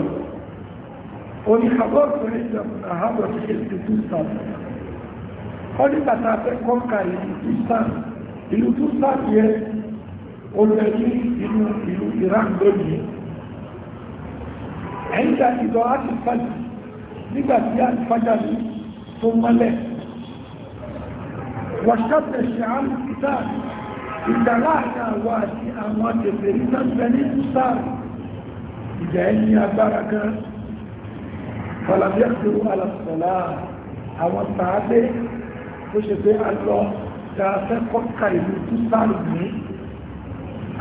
ó ní àbọ́sọ̀ ìjọba àhábọ̀ sí èsì tusan ó ní bàtà fẹ́ kọ́kà ìlú tusan ìlú ó lẹ́ ní inú ìlú Iran lónìí ẹ̀yíká ìlọ àtìfájì nígbàtí àtìfájà ní tó mọ́lẹ̀ wàṣàtẹ̀ ṣàán ìtàà ìtàláàkà wà sí àwọn àtẹ̀fẹ̀ ìtàǹfẹ̀ ní ìtàà ìjà ẹni agbára gan fàlàbíàkìrò alàsọ̀lá àwọn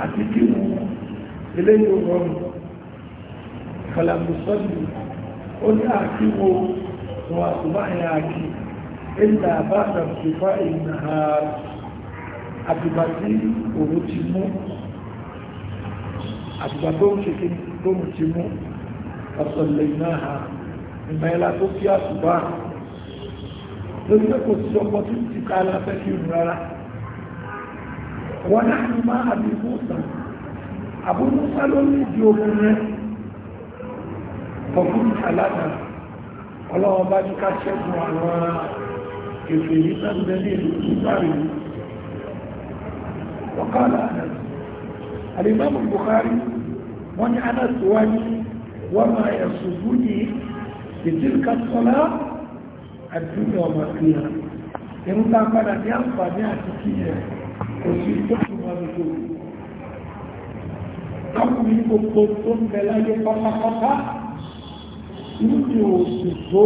àti kí wọ́n ilé yóò rọrùn kalamusọ́lù ó ní àti wo wọn àtúbá ẹ̀ àti ẹ̀là bá dàbùsùfà ìrìnà àtìgbà tí òun ti mú àtìgbà tó ń ṣe kí tó ń ti mú ọ̀sọ̀lẹ̀ náà ìmọ̀ tó kí àtúbá lórí pé sí ọpọ tí ti ká aláfẹ́ kí rárá wọ́n náà ní máa àbí Musa àbú Musa ló ní ìdí ogun rẹ̀ ọkùn alága ọlọ́wọ́ bá ní ká ṣẹ́gun àwọn ètò èyí sáàbẹ̀ ní ìlú ìgbàrí ọkàlá alìmọ́mù Bukhari wọ́n ní Anas wọ́n máa ẹ̀sùn ní ìdílkà àdúgbò ọmọ kìíyà ẹ̀rùn padà ní àǹfààní àti kíyà kò sí tó kí wọ́n lè tó káàkiri gbogbo tó ń bẹ láyé pátápátá inú mi ò sì tó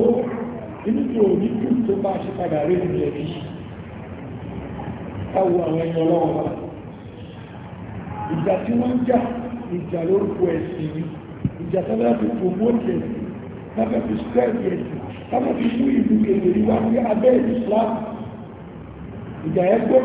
inú mi ò ní kí tó bá ṣe padà rí ní ẹbí táwọn àwọn ẹni ọlọ́wọ́ ìjà tí wọ́n ń jà ìjà lórúkọ ẹ̀sìn ni ìjà tó bá fi promote ẹ̀sìn lábẹ́ fi spread mú ìlú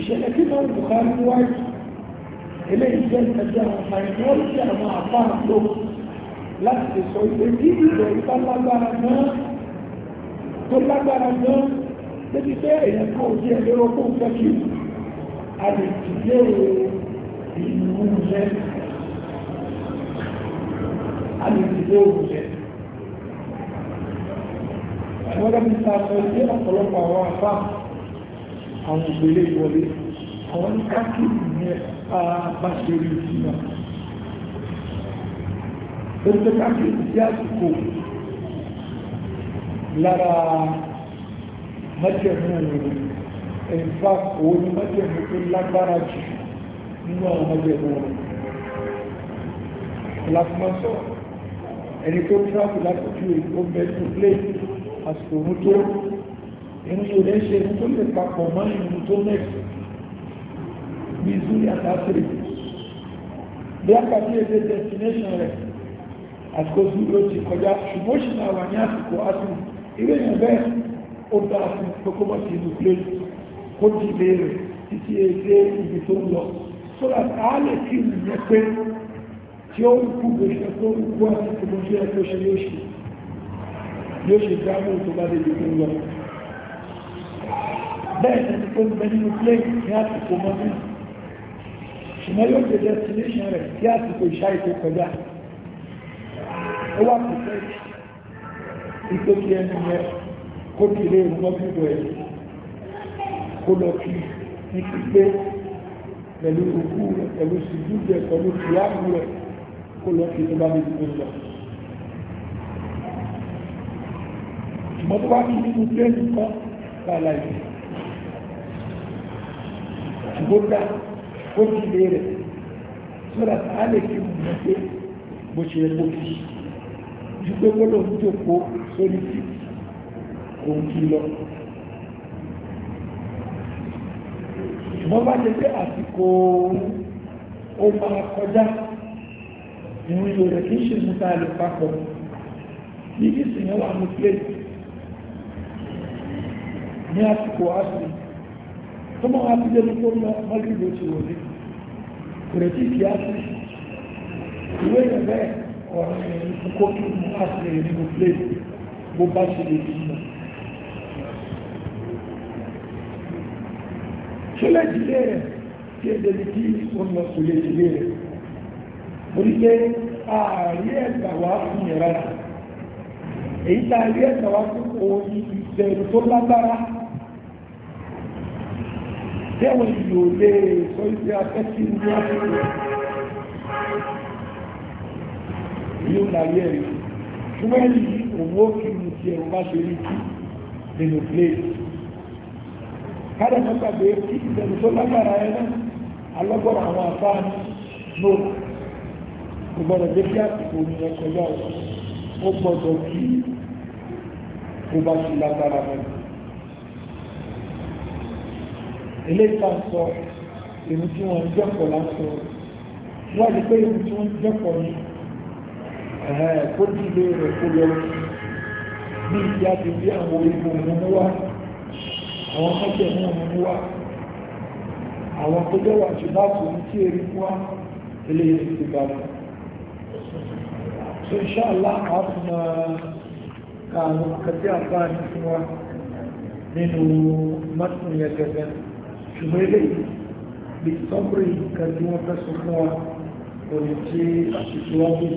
ìṣẹ̀lẹ̀ tí wọ́n Buhari wáyé eléyìí jẹ́ ìtẹ́jẹ́ àwọn fàìmọ́ọ̀lì àwọn àfáà lò láti lè sọ ìpè tí ìbẹ̀ ìta lágbára náà tó lágbára náà débi pé èèyàn kan ò jẹ́ ẹ̀rọ tó ń a lè dìde ìlú jẹ́ a lè dìde òun jẹ́ àwọn ọlọ́pàá sọ ilé ọ̀pọ̀lọpọ̀ àwọn àfáà àwọn òpèlé ìwọlé àwọn ní káàkiri ní àbá ṣe rí ìsinmi ó ń tẹ́ káàkiri sí àsìkò lára mẹ́tẹ̀ẹ̀mú rẹ̀ ẹ̀fà òun ni mẹ́tẹ̀ẹ̀mú tó lágbára jù nínú àwọn mẹ́tẹ̀ẹ̀mú rẹ̀ ìlàkùnmọ́sọ̀ ẹni tó ń tráfù láti ju èkó mẹ́tẹ̀ẹ̀mú lé irun yóò lè ṣe tó lè papọ̀ mọ́ irun tó mẹ́fì bí zuri àtàkìrì bí àkàtí èdè destination rẹ̀ àsìkò zuri ó ti kọjá ṣùgbọ́n ṣì máa wà ní àsìkò àsìkò ìwé yẹn bẹ́ẹ̀ ó dá fún kókó mọ́ sí ìlú plé kó ti léèrè títí èdè ibi tó ń lọ so that a lè kí ìyẹn pé tí ó ń kú gbèsè tó ń kú àti kòmọ́ṣẹ́ tó ṣe yóò ṣe yóò bẹ́ẹ̀ tẹ́tí tó gbẹ nínú plane ní àsìkò mọ́tí ṣùgbọ́n yóò dé destination rẹ̀ tí àsìkò ìṣá ètò kọjá ó wà kò fẹ́ ìpé kí ẹni yẹ kó kí ilé ìrùn mọ́tí ìbò ẹ̀ kó lọ kí ní pípé pẹ̀lú òkú rẹ̀ pẹ̀lú ṣìjú rẹ̀ pẹ̀lú fìyàmù rẹ̀ kó lọ kí tó bá ní ìpín lọ ṣùgbọ́n tó wá kí nínú plane kan láìláìsí ṣùgbọ́n dá ti lè rẹ̀ sọ́dà tá a lè fi mọ̀ pé bó ṣe ló fi ju pé kó lóun jókòó sórí ti òun kì í lọ. ṣùgbọ́n bá ṣe pé àsìkò ó máa kọjá ìwọ̀n ìlò rẹ̀ kì í ṣe mú tá papọ̀ ní ìsìn yẹn ní àsìkò àsìkò tó mọ́ wá fíjẹ́ ní kórí mọ́lìbò ti wò ní kò rẹ̀ tí kìí áṣì ìwé rẹ̀ bẹ́ẹ̀ ọ̀rìn kókó kí mú áṣì rẹ̀ nínú plé bó bá ṣe lè fi mọ̀ ṣọlẹ̀ ìdílé rẹ̀ tí ẹ débi tí ó lọ kò lè ìdílé rẹ̀ mo ní pé ààrẹ ẹ̀gbà wá fún ìrara èyí tá ẹ̀gbà wá fún òun ìbẹ̀rù tó lágbára tẹ́wọ̀n ìlú lè sọ ìpé afẹ́sí ní àsìkò yóò láyé ẹ̀rí ṣùgbọ́n yìí owó kí ní ti ẹ̀rọ bá ṣe rí kí nínú plate káàdà náà gbàgbé kí ìdẹ̀rù tó lágbára ẹ náà alọ́gbọ̀rọ̀ àwọn afáà ní ló gbọ́dọ̀ dé kí àsìkò ní ẹ̀kọ́ yá ó gbọ́dọ̀ kí ó bá ṣe lágbára mẹ́rin eléyìí tá a sọ èmi tí wọ́n ń jọ́pọ̀ lásán wọ́n ti pé èmi tí wọ́n ń jọ́pọ̀ ní kó dìde rẹ̀ kó lọ bí ìdí àti bí àwọn orígbò mú wá àwọn mọ́jẹ̀ náà mú wá àwọn tó jẹ́ wà jù bá tó ní tí èrè wá eléyìí ti gbà lọ so inshallah a fún ma ka àwọn kàtí àbá ní fún wa nínú mọ́tún yẹn gẹ́gẹ́ ṣùgbọ́n ilé bí sọ́kùnrin nǹkan tí wọ́n fẹ́ sọ fún wa kò ní tí àṣìṣe wọn bí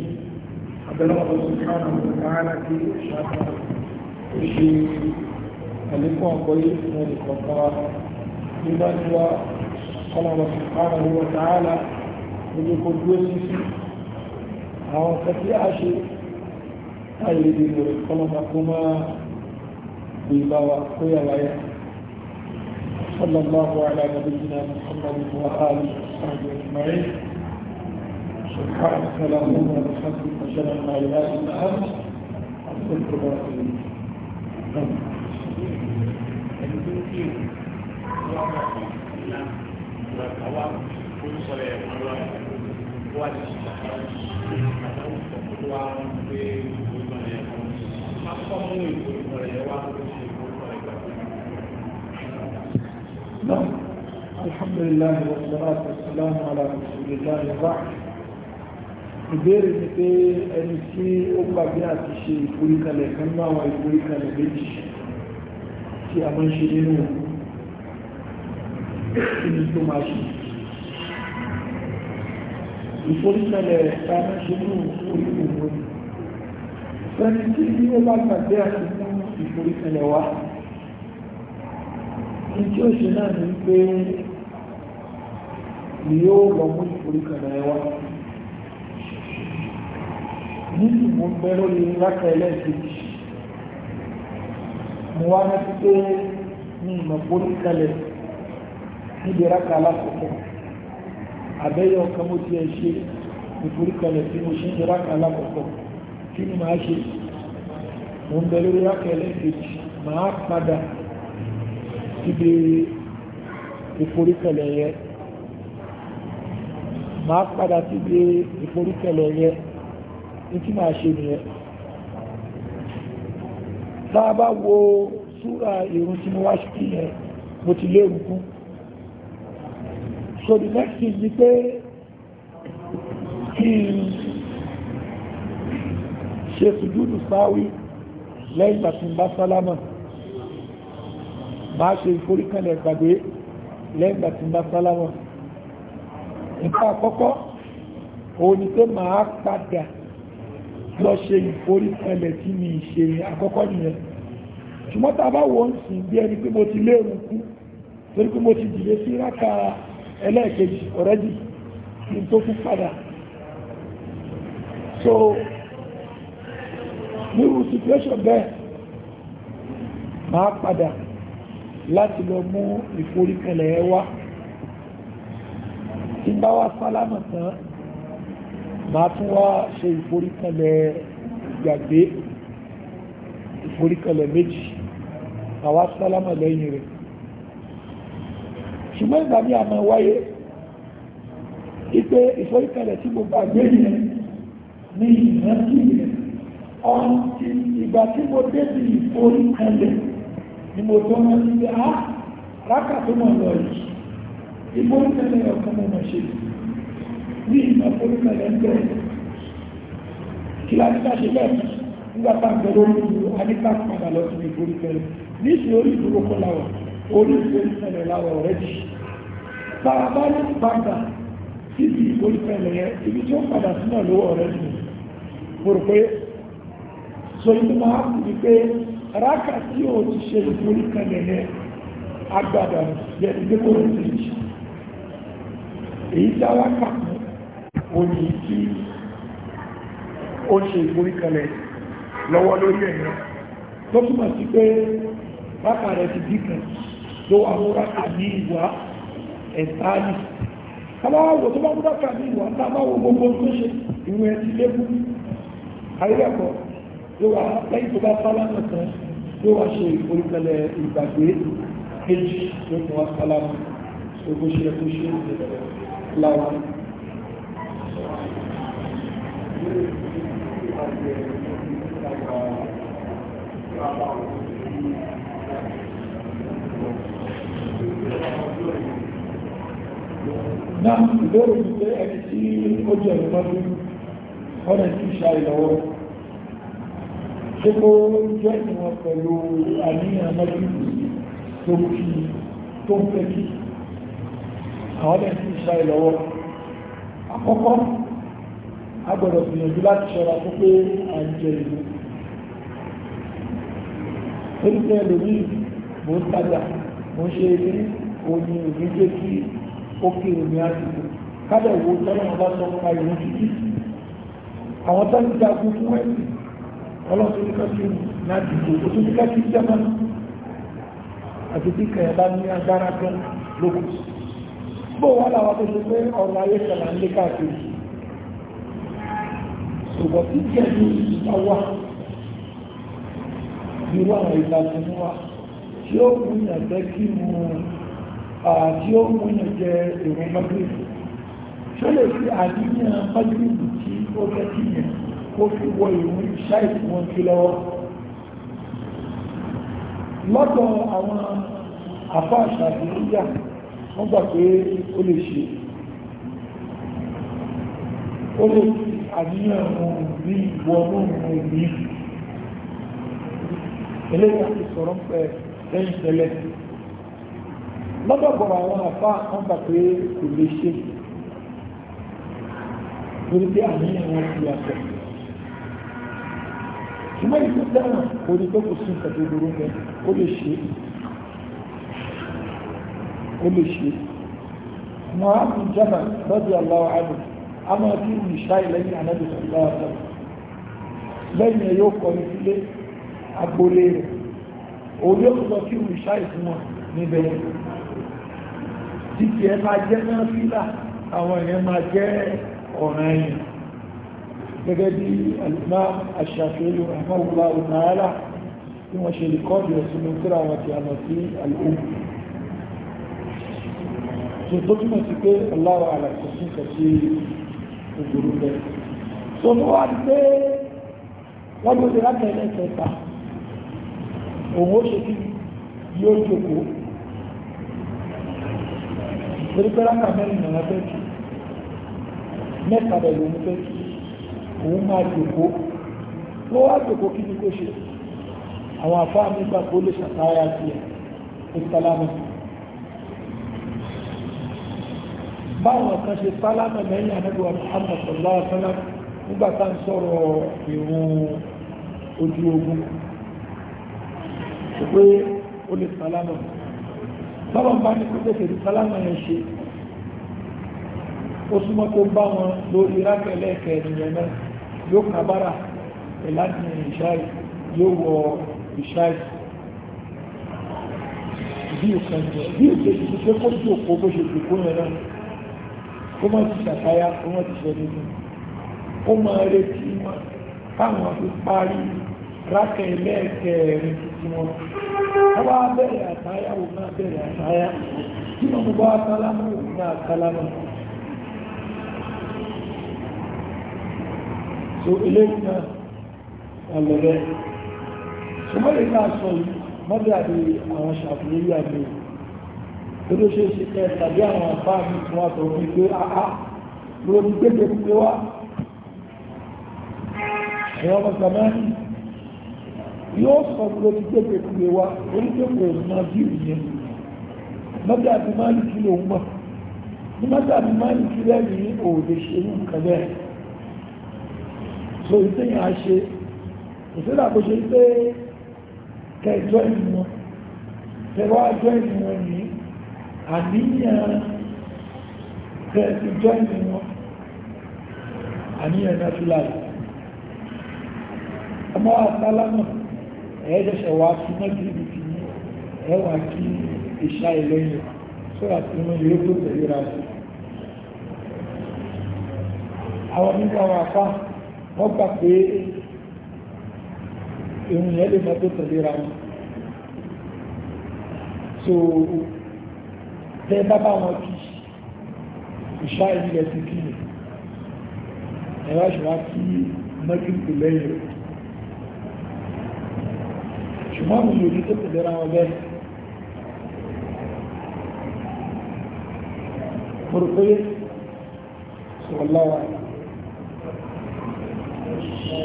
abẹ́rẹ́ ọ̀dọ́ tó ká àwọn ọ̀gá ara kí ìṣàkà ó ṣe àlékún àgbọ́yé fún ẹnìkọ̀ọ̀kan wa nígbà tí wa kọ́lọ̀rọ̀ wọ́n tààlà níbi kò àwọn nǹkan tí صلى الله على نبينا محمد وآله وصحبه أجمعين سبحانك اللهم وبحمدك أشهد أن لا إله إلا أنت أستغفرك نعم الحمد لله والصلاة والسلام على رسول الله وبعد ìbéèrè ni pé ẹni tí ó gbàgbé àti ṣe ìforíkalẹ̀ kan náà wà ìforíkalẹ̀ méjì tí a máa ń ṣe nínú ìní tó máa ṣe ìforíkalẹ̀ ta máa ṣe nínú orí òun fẹ́ni tí ó bá gbàgbé àti fún ìforíkalẹ̀ wa tí ó ṣe náà ní pé yóò lọ mú ìforíkànlẹ̀ ẹwà nítorí mo bẹ lórí lákà ẹlẹ́ẹ̀kejì mo wá ní pé ní ìmọ̀ ìforíkànlẹ̀ níbi rákà alákọ̀ọ́kọ́ àbẹ́yẹ ọkàn mo ti ẹ̀ ṣe ìforíkànlẹ̀ tí mo ṣe ń rákà alákọ̀ọ́kọ́ kí ni màá ṣe mo ń bẹ lórí rákà ẹlẹ́ẹ̀kejì màá padà síbi ìforíkẹlẹ̀ yẹn máa padà síbi ìforíkẹlẹ̀ yẹn ní tí máa ṣe nìyẹn tá a bá wo súra ìrun tí mo wá sí yẹn mo ti lé orúkún so the next thing ni pé kí n ṣe sùjúdù sáwí lẹ́yìn ìgbà tí sálámà máa ṣe ìforíkànlẹ̀ ìpàdé lẹ́gbà tí bá sálámà nǹkan àkọ́kọ́ òun ni pé máa padà lọ ṣe ìforíkànlẹ̀ tí mi ṣe àkọ́kọ́ nìyẹn ṣùgbọ́n tá bá wọ́n sì bí ẹni pé mo ti léèrùn kú torí pé mo ti dìde sí ráka ẹlẹ́ẹ̀kejì ọ̀rẹ́dì kí n tó kú padà so nírú situation bẹ́ẹ̀ máa padà láti lọ mú ìforíkẹlẹ̀ ẹ wá tí bá wá sálámà tán máa tún wá ṣe ìforíkẹlẹ̀ gbàgbé ìforíkẹlẹ̀ méjì àwa sálámà lẹ́yìn rẹ̀ ṣùgbọ́n ìgbà ní àmọ́ wáyé ipe ìforíkẹlẹ̀ tí mo gbàgbé yẹn ní ìrántí yẹn ọ̀n ìgbà tí mo dé sí ìforíkẹlẹ̀ ni mo tó mọ́ sí pé ah rákà tó mọ̀ lọ yìí igbó ń tẹ́lẹ̀ ọ̀kan mọ̀ mọ̀ ṣe ní ìmọ̀ fórúkẹ̀lẹ̀ ń bẹ̀rẹ̀ kí láti ṣe bẹ́ẹ̀ nígbà tá ń bẹ̀rẹ̀ orí ìlú anípa padà lọ sí ìfórúkẹ̀lẹ̀ ní ìṣe orí ìdúró kọ́ láwọ̀ orí ìfórúkẹ̀lẹ̀ láwọ̀ rẹ̀ jì bàbá bá ní padà síbi ìfórúkẹ̀lẹ̀ yẹn ibi tí ó padà sínú lówó rẹ̀ jù mo rò pé so ìtumọ̀ á kù rákà tí ó ti ṣe ìforí kalẹ̀ yẹn agbada jẹ́ ìdíkò ìdíjì èyí tí alákà mú o ní tí ó ṣe ìforí kalẹ̀ lọ́wọ́ lórí ẹ̀yẹ tó túnmọ̀ sí pé rákà rẹ̀ ti dìkan ló wà mú rákà ní ìwà ẹ̀tàlì aláwọ̀ tó bá mú rákà ní ìwà tábáwò gbogbo tó ṣe ìwọ̀n ẹ̀ ti lé fún ayẹ́kọ̀ọ́ ló wà lẹ́yìn tó bá sálámọ̀ tán tí wọ́n ṣe ìforúkẹlẹ̀ ìgbàgbé kejì tó kọ́ sálámù tó bó ṣe tó ṣe ìrẹ̀lẹ̀ láwọn. Náà ìbéèrè ti pé tí ó jẹ́ ìmọ́lú ọ̀rẹ́ ìṣà ìlọ́wọ́ ṣe kó jẹ́ ìwọ̀n pẹ̀lú àníyàn mẹ́rin tó kí tó ń fẹ́ kí àwọn ẹ̀ sí ìṣá ìlọ́wọ́ àkọ́kọ́ a gbọ́dọ̀ gbìyànjú láti ṣọ́ra tó pé à ń jẹ ìlú oríṣẹ́ lórí mò ń tajà mò ń ṣe ilé òní òní jẹ́ kí ó kí omi àsìkò kábẹ̀ wo tọ́lọ́mọba sọ nípa ìrún títí àwọn tó ọlọ́run tó ti láti kò tó ti láti jẹ́mọ́ àti bí kẹ̀yà bá ní agbára gan lókù bó wà láwa tó ṣe pé ọ̀rọ̀ ayé kẹlà ń lé káàkiri ṣùgbọ́n tí jẹ́jú bá wà irú àwọn ìlànà wa tí ó mú kó fi wọ ìwé iṣẹ́ ìfún kí lọ́wọ́ lọ́dọ̀ àwọn àfá àṣàbí níyà wọ́n gbà pé ó lè ṣe ó lè fi àníyàn wọn ní ìwọ̀nú wọn ní eléyà ti sọ̀rọ̀ ń pẹ lẹ́yìn tẹ́lẹ̀ lọ́dọ̀gbọ̀rọ̀ àwọn àfá wọ́n gbà pé kò lè ṣe lórí pé àníyàn wọn ti yàtọ̀ ṣùgbọ́n ìlú dáná orí pé kò sí nǹkan tó burú mẹ́ ó lè ṣe ó lè ṣe mọ́hàmù jama lọ́dí aláwọ̀ àdùn a máa fi ń ṣá ìlẹ́yìn ànábì sọ̀rọ̀ àtọ̀ lẹ́yìn ẹ̀ yóò kọrin sílé agboolé rẹ̀ òun yóò lọ fi ń ṣá ìfúnmọ̀ níbẹ̀ títí ẹ máa jẹ́ náà fílà àwọn èèyàn máa jẹ́ ọ̀ràn ẹ̀yìn gẹ́gẹ́ bí Al-Imam Ash-Shafi'i rahimahullahu ta'ala tí wọ́n ṣe rìkọ́dì ẹ̀sùn tíra wọn ti àmọ̀ sí al'umma so tó túnmọ̀ sí pé ọláwà alàkọ̀sí kẹsí ògbòrò rẹ̀ so ní wá ní pé wọ́n ló lè rákẹ̀ òun ó ṣe kí òun máa jòkó tó wá jòkó kí ni kó ṣe àwọn àfáà nígbà tó lè ṣàtàyà sí ẹ̀ ó sálámà báwọn kan ṣe sálámà lẹ́yìn àdẹ́gbẹ̀wà Muhammad sallallahu alaihi wasallam nígbà tá ń sọ̀rọ̀ ìrun ojú ogun pé ó lè sálámà bábà bá ní kó tẹ̀sẹ̀ ní sálámà yẹn ṣe ó súnmọ́ tó bá wọn lórí rákẹ̀lẹ́kẹ̀ẹ́ nìyẹn náà yóò kàbára ìlànà ìṣáì yóò wọ ìṣáì bí o kàn jẹ bí o tẹ̀sí ti pé kó tí o kó bó ṣe ti kó yẹn náà kó má ti ṣàkáyà kó má ti ṣe nínú ó máa retí wọn káwọn fi parí rákẹ̀ lẹ́ẹ̀kẹrin títí wọn wọ́n bá bẹ̀rẹ̀ àtàyà òun náà bẹ̀rẹ̀ àtàyà tí wọ́n bá kálámù òun náà kálámù tó ilé náà ọlọ́rẹ́ ṣùgbọ́n náà sọ mọ́bí àbí àwọn ṣàfihàn àbí tó ló ṣe ṣe tẹ tàbí àwọn àbá mi tí wọ́n tọrọ ní pé àá ló ní gbẹ́gbẹ́ pé wá ẹ̀rọ mọ́sàmánì yóò sọ ló ní gbẹ́gbẹ́ pé wá onígbẹ́gbẹ́ náà bí ìyẹn mọ́bí àbí máa ń kí lòun mọ̀ ní mọ́bí àbí máa ń kí lẹ́yìn òde ṣe ń kẹ́lẹ́ so ìtẹ́yìn á ṣe ìṣẹ́lá kò ṣe pé kẹjọ́ ìwọ̀n tẹwọ́ àjọ́ ìwọ̀n ní àníyàn kẹjọ́ ìwọ̀n àníyàn náà fi láì ọmọ àtàlámà ẹ̀ẹ́dẹ̀ṣẹ̀ wà fún mẹ́gbìrì ti ní ẹwà kí ìṣá ìlẹ́yìn sọ́rọ̀ àti inú yóò tó tẹ̀lé ra sí àwọn nígbà wà fáà wọ́n gbà pé irun yẹn lè máa tó tẹ̀lé wọn so tẹ bá bá wọn kí ìṣá ìlẹ̀ ti kí ni ẹ̀rọ ìṣòwò kí mẹ́kìnkù lẹ́yìn rẹ̀ ṣùgbọ́n mi lòdì tó tẹ̀lé wọn bẹ́ẹ̀ mo rò pé sọ̀rọ̀ láwàá Nàbọ̀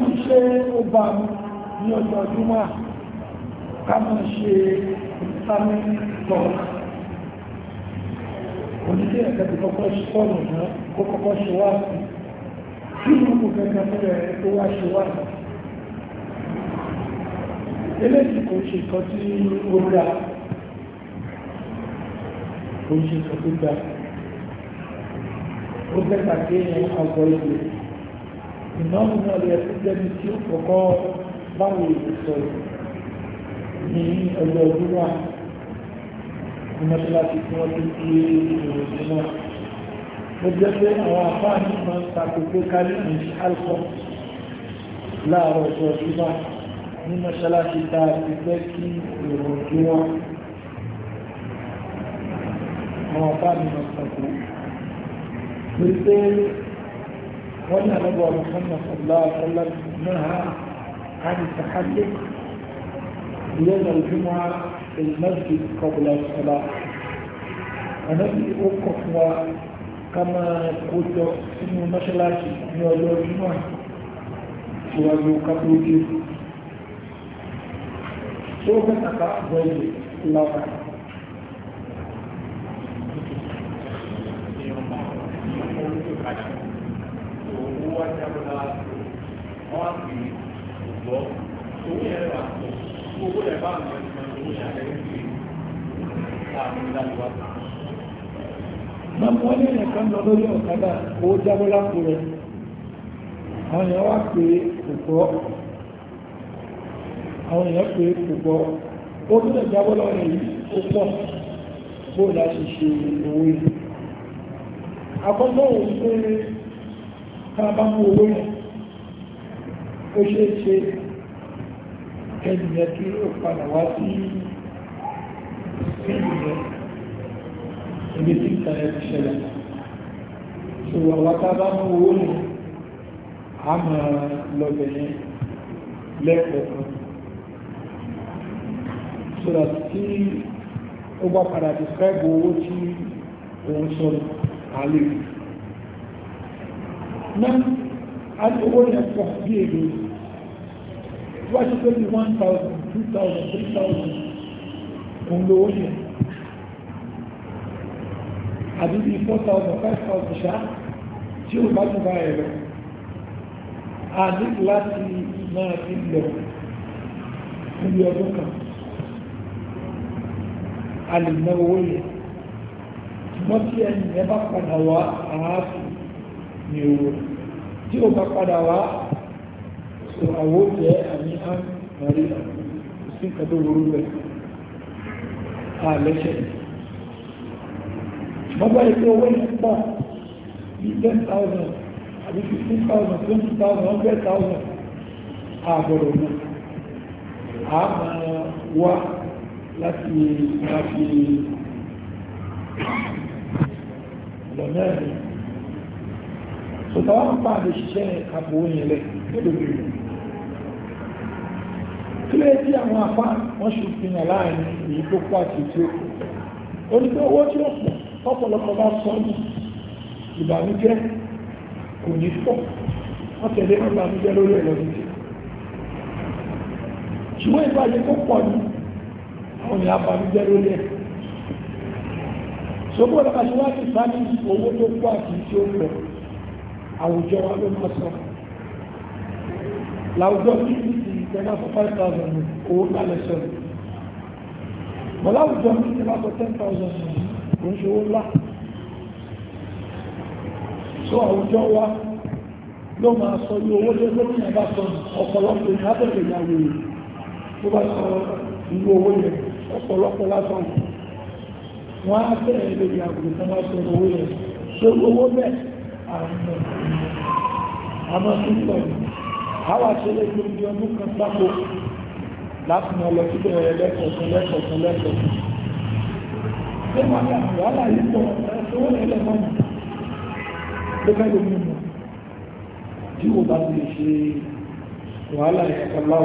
ní ṣe ó bá mú ní ọjọ́ Júmọ́ ká mọ́ ṣe ìsámi tọ́. Oníṣẹ́ ẹ̀kẹ́ ti kọ́kọ́ sọ́nù náà kó kọ́kọ́ ṣe wá sí. Kí ní kò kẹ́kẹ́ tó rẹ̀ tó wá ṣe wá sí? eléyìí kò ṣe nǹkan tí ó dá kò ṣe nǹkan tó dá ó bẹ́ta kí ẹ̀yìn àgbọ̀ ìwé ìnáwó náà lè ẹ̀kú jẹ́bi tí ó kọ́kọ́ báwo ìlú sọ̀rọ̀ ní ọjọ́ ọdún wa ní mọ́ṣáláṣí tí wọ́n ti ìròyìn náà ó jẹ́ pé àwọn afáàní máa ń ta kókó kárí ní alcohol láàárọ̀ ọjọ́ ọdún wa ní mọ́ṣáláṣí tá a ti fẹ́ kí èrò kí wọ́n àwọn ọba mi lọ sọ̀kú torí pé wọ́n ní àlọ́bọ̀ ọ̀rọ̀kọ́nà ọ̀lá ọ̀lá náà àti sàkádé ilé ìlọ́júmọ́ ìlọ́jì kọ̀bùlà ìṣọ̀lá sínú mọ́ṣáláṣí ní ọjọ́ ìjúmọ́ ìwàlú kápẹ́ ojú over and above wages lower. Nàmú wọ́n ní lọ lórí ọ̀kadà, ó jábọ́ lápò rẹ̀. Àwọn pé kò àwọn èèyàn pé kò gbọ́ ó tún lè jábọ́ lọ́rẹ̀ yìí ó pọ̀ bó láti ṣe owó yìí àkọ́kọ́ òun pé ká bá mú owó yẹn ó ṣe é ṣe ẹnìyàn kí ó padà wá sí ẹnìyàn ibi tí ìtàn ẹ̀ ti ṣẹlẹ̀ ṣùgbọ́n wá ká mú owó yẹn a máa lọ bẹ̀yẹn lẹ́kọ̀ọ́ so that tí ó bá padà describe owó tí òun sọ̀rọ̀ àlè náà a ní owó yẹn pọ̀ bí èdè tí wá ṣe pé bí one thousand two thousand three thousand òun lówó yẹn àbí bí four thousand five thousand ṣáà tí ó bá tún bá ẹ̀ lọ a ní láti máa fi lọ a lè ná owó yẹn ṣùgbọ́n tí ẹni yẹn bá padà wá àáfì ní owó tí ó bá padà wá sọ àwọ̀ jẹ́ àmì án mẹ́rin sí nǹkan tó wúrú bẹ́ẹ̀ àlẹ́ṣẹ̀ ṣùgbọ́n bá yẹ pé owó yẹn pọ̀ bí ten thousand àbí fifteen thousand twenty thousand hundred thousand àbọ̀rọ̀ náà àmọ́ wá láti láti lọ́nà ẹ̀rẹ́ sọ̀tàwà ń pàdé ṣiṣẹ́ àbò onílẹ̀ lóbìnrin kílẹ̀ tí àwọn afá wọ́n ṣe fi hàn láàrin èyí tó kó àti tí ó kù ó ní pé owó tí ó pọ̀ tọ́pọ̀lọpọ̀ bá sọ ní ìbànújẹ́ kò ní pọ̀ wọ́n tẹ̀lé ìbànújẹ́ lórí ẹ̀lọ́dún tí ṣùgbọ́n ìbàjẹ́ tó pọ̀ ní àwọn èèyàn àbàmìjẹ́ lórí ẹ̀ sọ́kọ́ ọ̀dọ́ka ṣe láti sáàmì owó tó pọ̀ àti tí ó pọ̀ àwùjọ wa ló máa sọ láwùjọ tí ní ti ìjọba sọ 5,000 owó kalẹ̀ sọ̀rọ̀ mọ̀ láwùjọ tí ní bá sọ 10,000 kò ń ṣe owó ńlá sọ àwùjọ wa ló máa sọ ní owó tó tó ní ẹ̀bá sọ ọ̀pọ̀lọpọ̀ ìyábẹ̀rẹ̀ ìyàwó tó bá sọ ìlú owó yẹn ọ̀pọ̀lọpọ̀ lásán wọ́n á bẹ̀rẹ̀ lórí àgbègbè tó máa sọ̀rọ̀ owó yẹn ṣé owó bẹ́ẹ̀ àwọn ọmọ àmọ́ tó ń sọ̀rọ̀ àwọn àṣẹlẹ̀ tó ń di ọdún kan sáko láti mọ lọ síbẹ̀ rẹ̀ lẹ́kọ̀ọ̀kan lẹ́kọ̀ọ̀kan lẹ́kọ̀ọ̀kan nígbà náà wàhálà yìí pọ̀ owó yẹn lẹ́ mọ́ ló fẹ́ lómi mọ̀ tí kò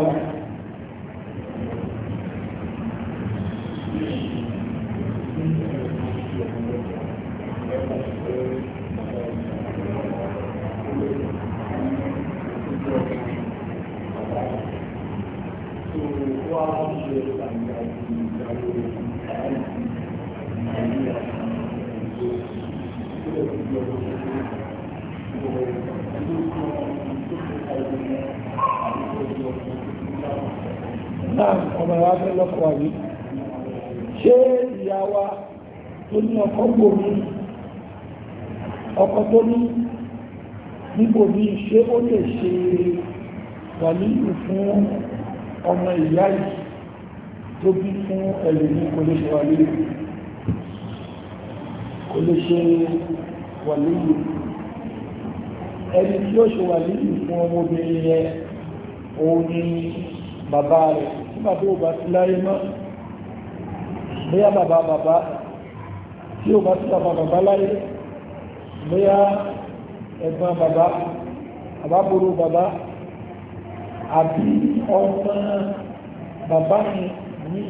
Náà ọmọ ìwádìí lọ́kọ̀ọ́ ṣé ìyàwó tó ní ọkọ̀ gbòmí ọkọ̀ tó ní nígbòmí ṣé ó lè ṣe wàlíyù fún ọmọ ìyá yìí tó bí fún ẹlòmí kò lè ṣe wàlíyù kò lè ṣe wàlíyù ẹni tí ó ṣe wàlíyù fún ọmọbìnrin yẹn òun ni bàbá rẹ̀ tí bàbá ò bá ti láyé náà bóyá bàbá bàbá tí ó bá sí bàbá bàbá láyé bóyá ẹ̀gbọ́n bàbá àbábòrò bàbá àbí ọmọ bàbá mi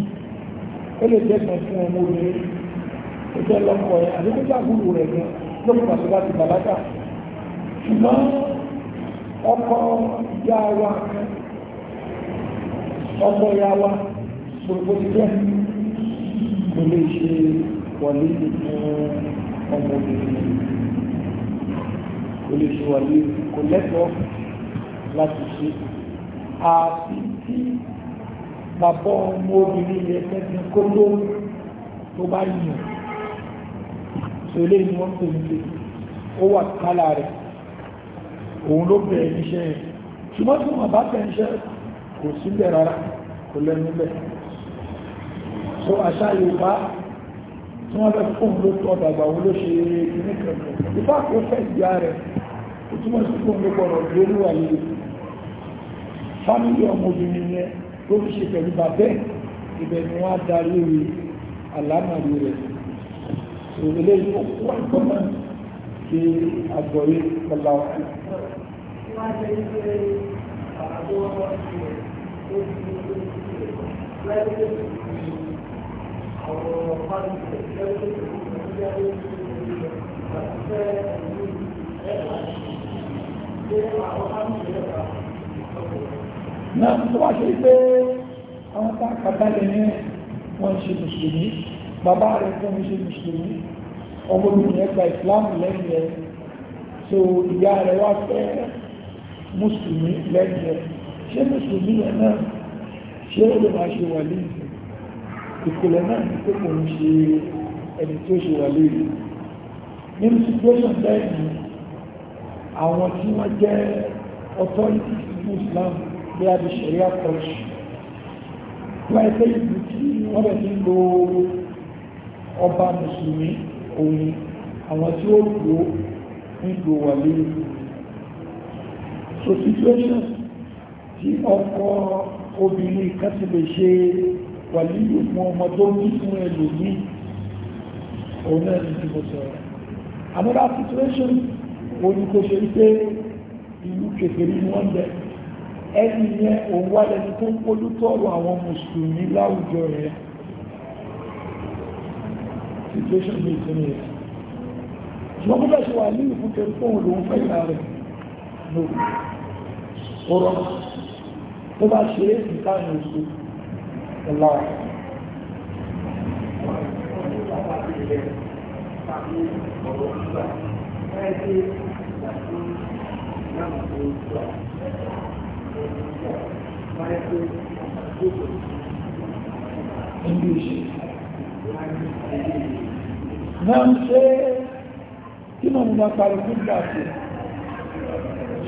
ó lè jẹ́ kan fún ọmọ obìnrin ó jẹ́ lọ́kọ̀ ẹ̀ àti nígbà gbúrò rẹ̀ gan lókùn àti láti bàlágà ṣùgbọ́n ọkọ ìyá wa ọkọ ìyá wa gbogbo ti bẹ́ẹ̀ tó lè ṣe wọlé fún ọmọbìnrin kò lè ṣe wọlé kò lẹ́tọ̀ọ́ láti ṣe àti tí bàbá ọmọbìnrin yẹ fẹ́ẹ́ kó lóhùn tó bá yàn tó lè ní wọ́n tó ń pè ó wà kálá rẹ̀ òun ló bẹ̀rẹ̀ níṣẹ́ ṣùgbọ́n tí wọ́n bá tẹ̀ ń ṣe kò síbẹ̀ rárá kò lẹ́nu bẹ́ẹ̀ so àṣà yorùbá tí wọ́n fẹ́ fóun ló tọ́ dàgbà wọn ló ṣe ní kẹ̀kẹ́ ìfá kò fẹ́ ìyá rẹ̀ kò túmọ̀ sí fóun ló gbọ́dọ̀ bí olúwa yìí fámílì ọmọbìnrin yẹn tó fi ṣe pẹ̀lú bàbẹ́ ibẹ̀ ni wọ́n á darí àlámàrí rẹ̀ so eléyìí ó kó àgbọ̀ náà kí àgbọ̀yé kọlá ọ̀hún. wọ́n á jẹ́ ìgbé àgbọ̀ ọ̀hún náà tó wá ṣe pé àwọn tá kàtàlẹ̀ ní wọ́n ṣe mùsùlùmí bàbá rẹ̀ tó ń ṣe mùsùlùmí ọmọ obìnrin ẹgbà ìsìláàmù lẹ́yìn ẹ̀ so ìyá rẹ̀ wá fẹ́ mùsùlùmí lẹ́yìn ẹ̀ ṣé mùsùlùmí ẹ̀ náà ṣé ó lè máa ṣe wà ní ìsìn ìpìlẹ̀ náà ní pé kò ń ṣe ẹni tí ó ṣe wà lórí nínú situation bẹ́ẹ̀ ni àwọn tí wọ́n jẹ́ authority in Islam bí a di sharia culture wọ́n ẹ pé ìlú tí wọ́n bẹ̀ ti ń lo ọba mùsùlùmí òun àwọn tí ó lò ń lò wà lórí so situation tí ọkọ obìnrin kan ṣe pẹ̀lú ìlú ọmọ tó ní fún ẹlòmí òun náà ní ti mo sọ̀rọ̀ another situation òun kò ṣe wípé ìlú kékeré ni wọ́n bẹ ẹni yẹn òun wá lẹni tó ń kójú tọrọ àwọn mùsùlùmí láwùjọ rẹ̀ situation ní ìsinmi rẹ̀ ṣùgbọ́n kó bẹ́ẹ̀ ṣe wà ní ìfúnke fóun lòun fẹ́ ìlà rẹ̀ lò ó rọ tó bá ṣe é nǹkan ìrìnàjò Ọlọ́run. English. Náà ṣe tí mo mú pàrí fún ìgbà tí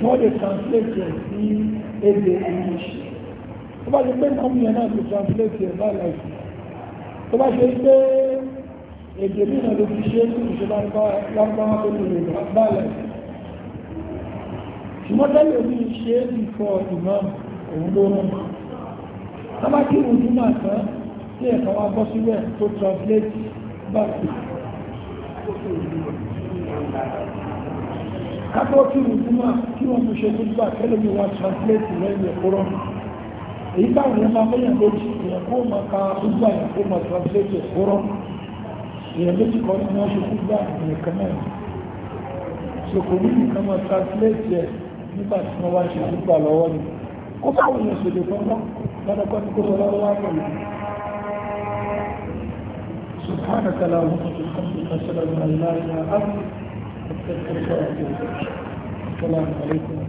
wọ́n lè translate èdè English tó bá ṣe pé mọ́mí ẹ̀ náà ti translate ẹ̀ bá láìsí tó bá ṣe pé èdè mìíràn ló fi ṣe ní ìṣẹ́lá lárúbáwá tó ní ìlú bá láìsí ṣùgbọ́n tẹ́lẹ̀ omi ṣe é ní fọ ìmọ̀ òun ló rán tábà kí ojú máa tán tí ẹ̀ka wa bọ́ sílẹ̀ tó translate back to kápọ́ kí ojú máa kí wọ́n mú ṣe tó gbà tẹ́lẹ̀ mi wá translate lẹ́yìn ẹ̀kọ́ rọ́mù èyí táwọn yẹn máa mẹ́yàn lójú èyàn kó máa ka fúgbà yẹn kó máa translate kúrọ́ èyàn méjì kan ní wọ́n ṣe fúgbà yẹn kan náà ṣe kò ní nìkan máa translate yẹ nígbà tí wọ́n wá ṣe fúgbà lọ́wọ́ ni kó báwọn yẹn ṣèlè fọ́nà lọ́dọ̀kọ́ ní kó sọ lọ́wọ́ wá pẹ̀lú سبحانك لا هم بحمدك أشهد لا إله إلا أنت السلام عليكم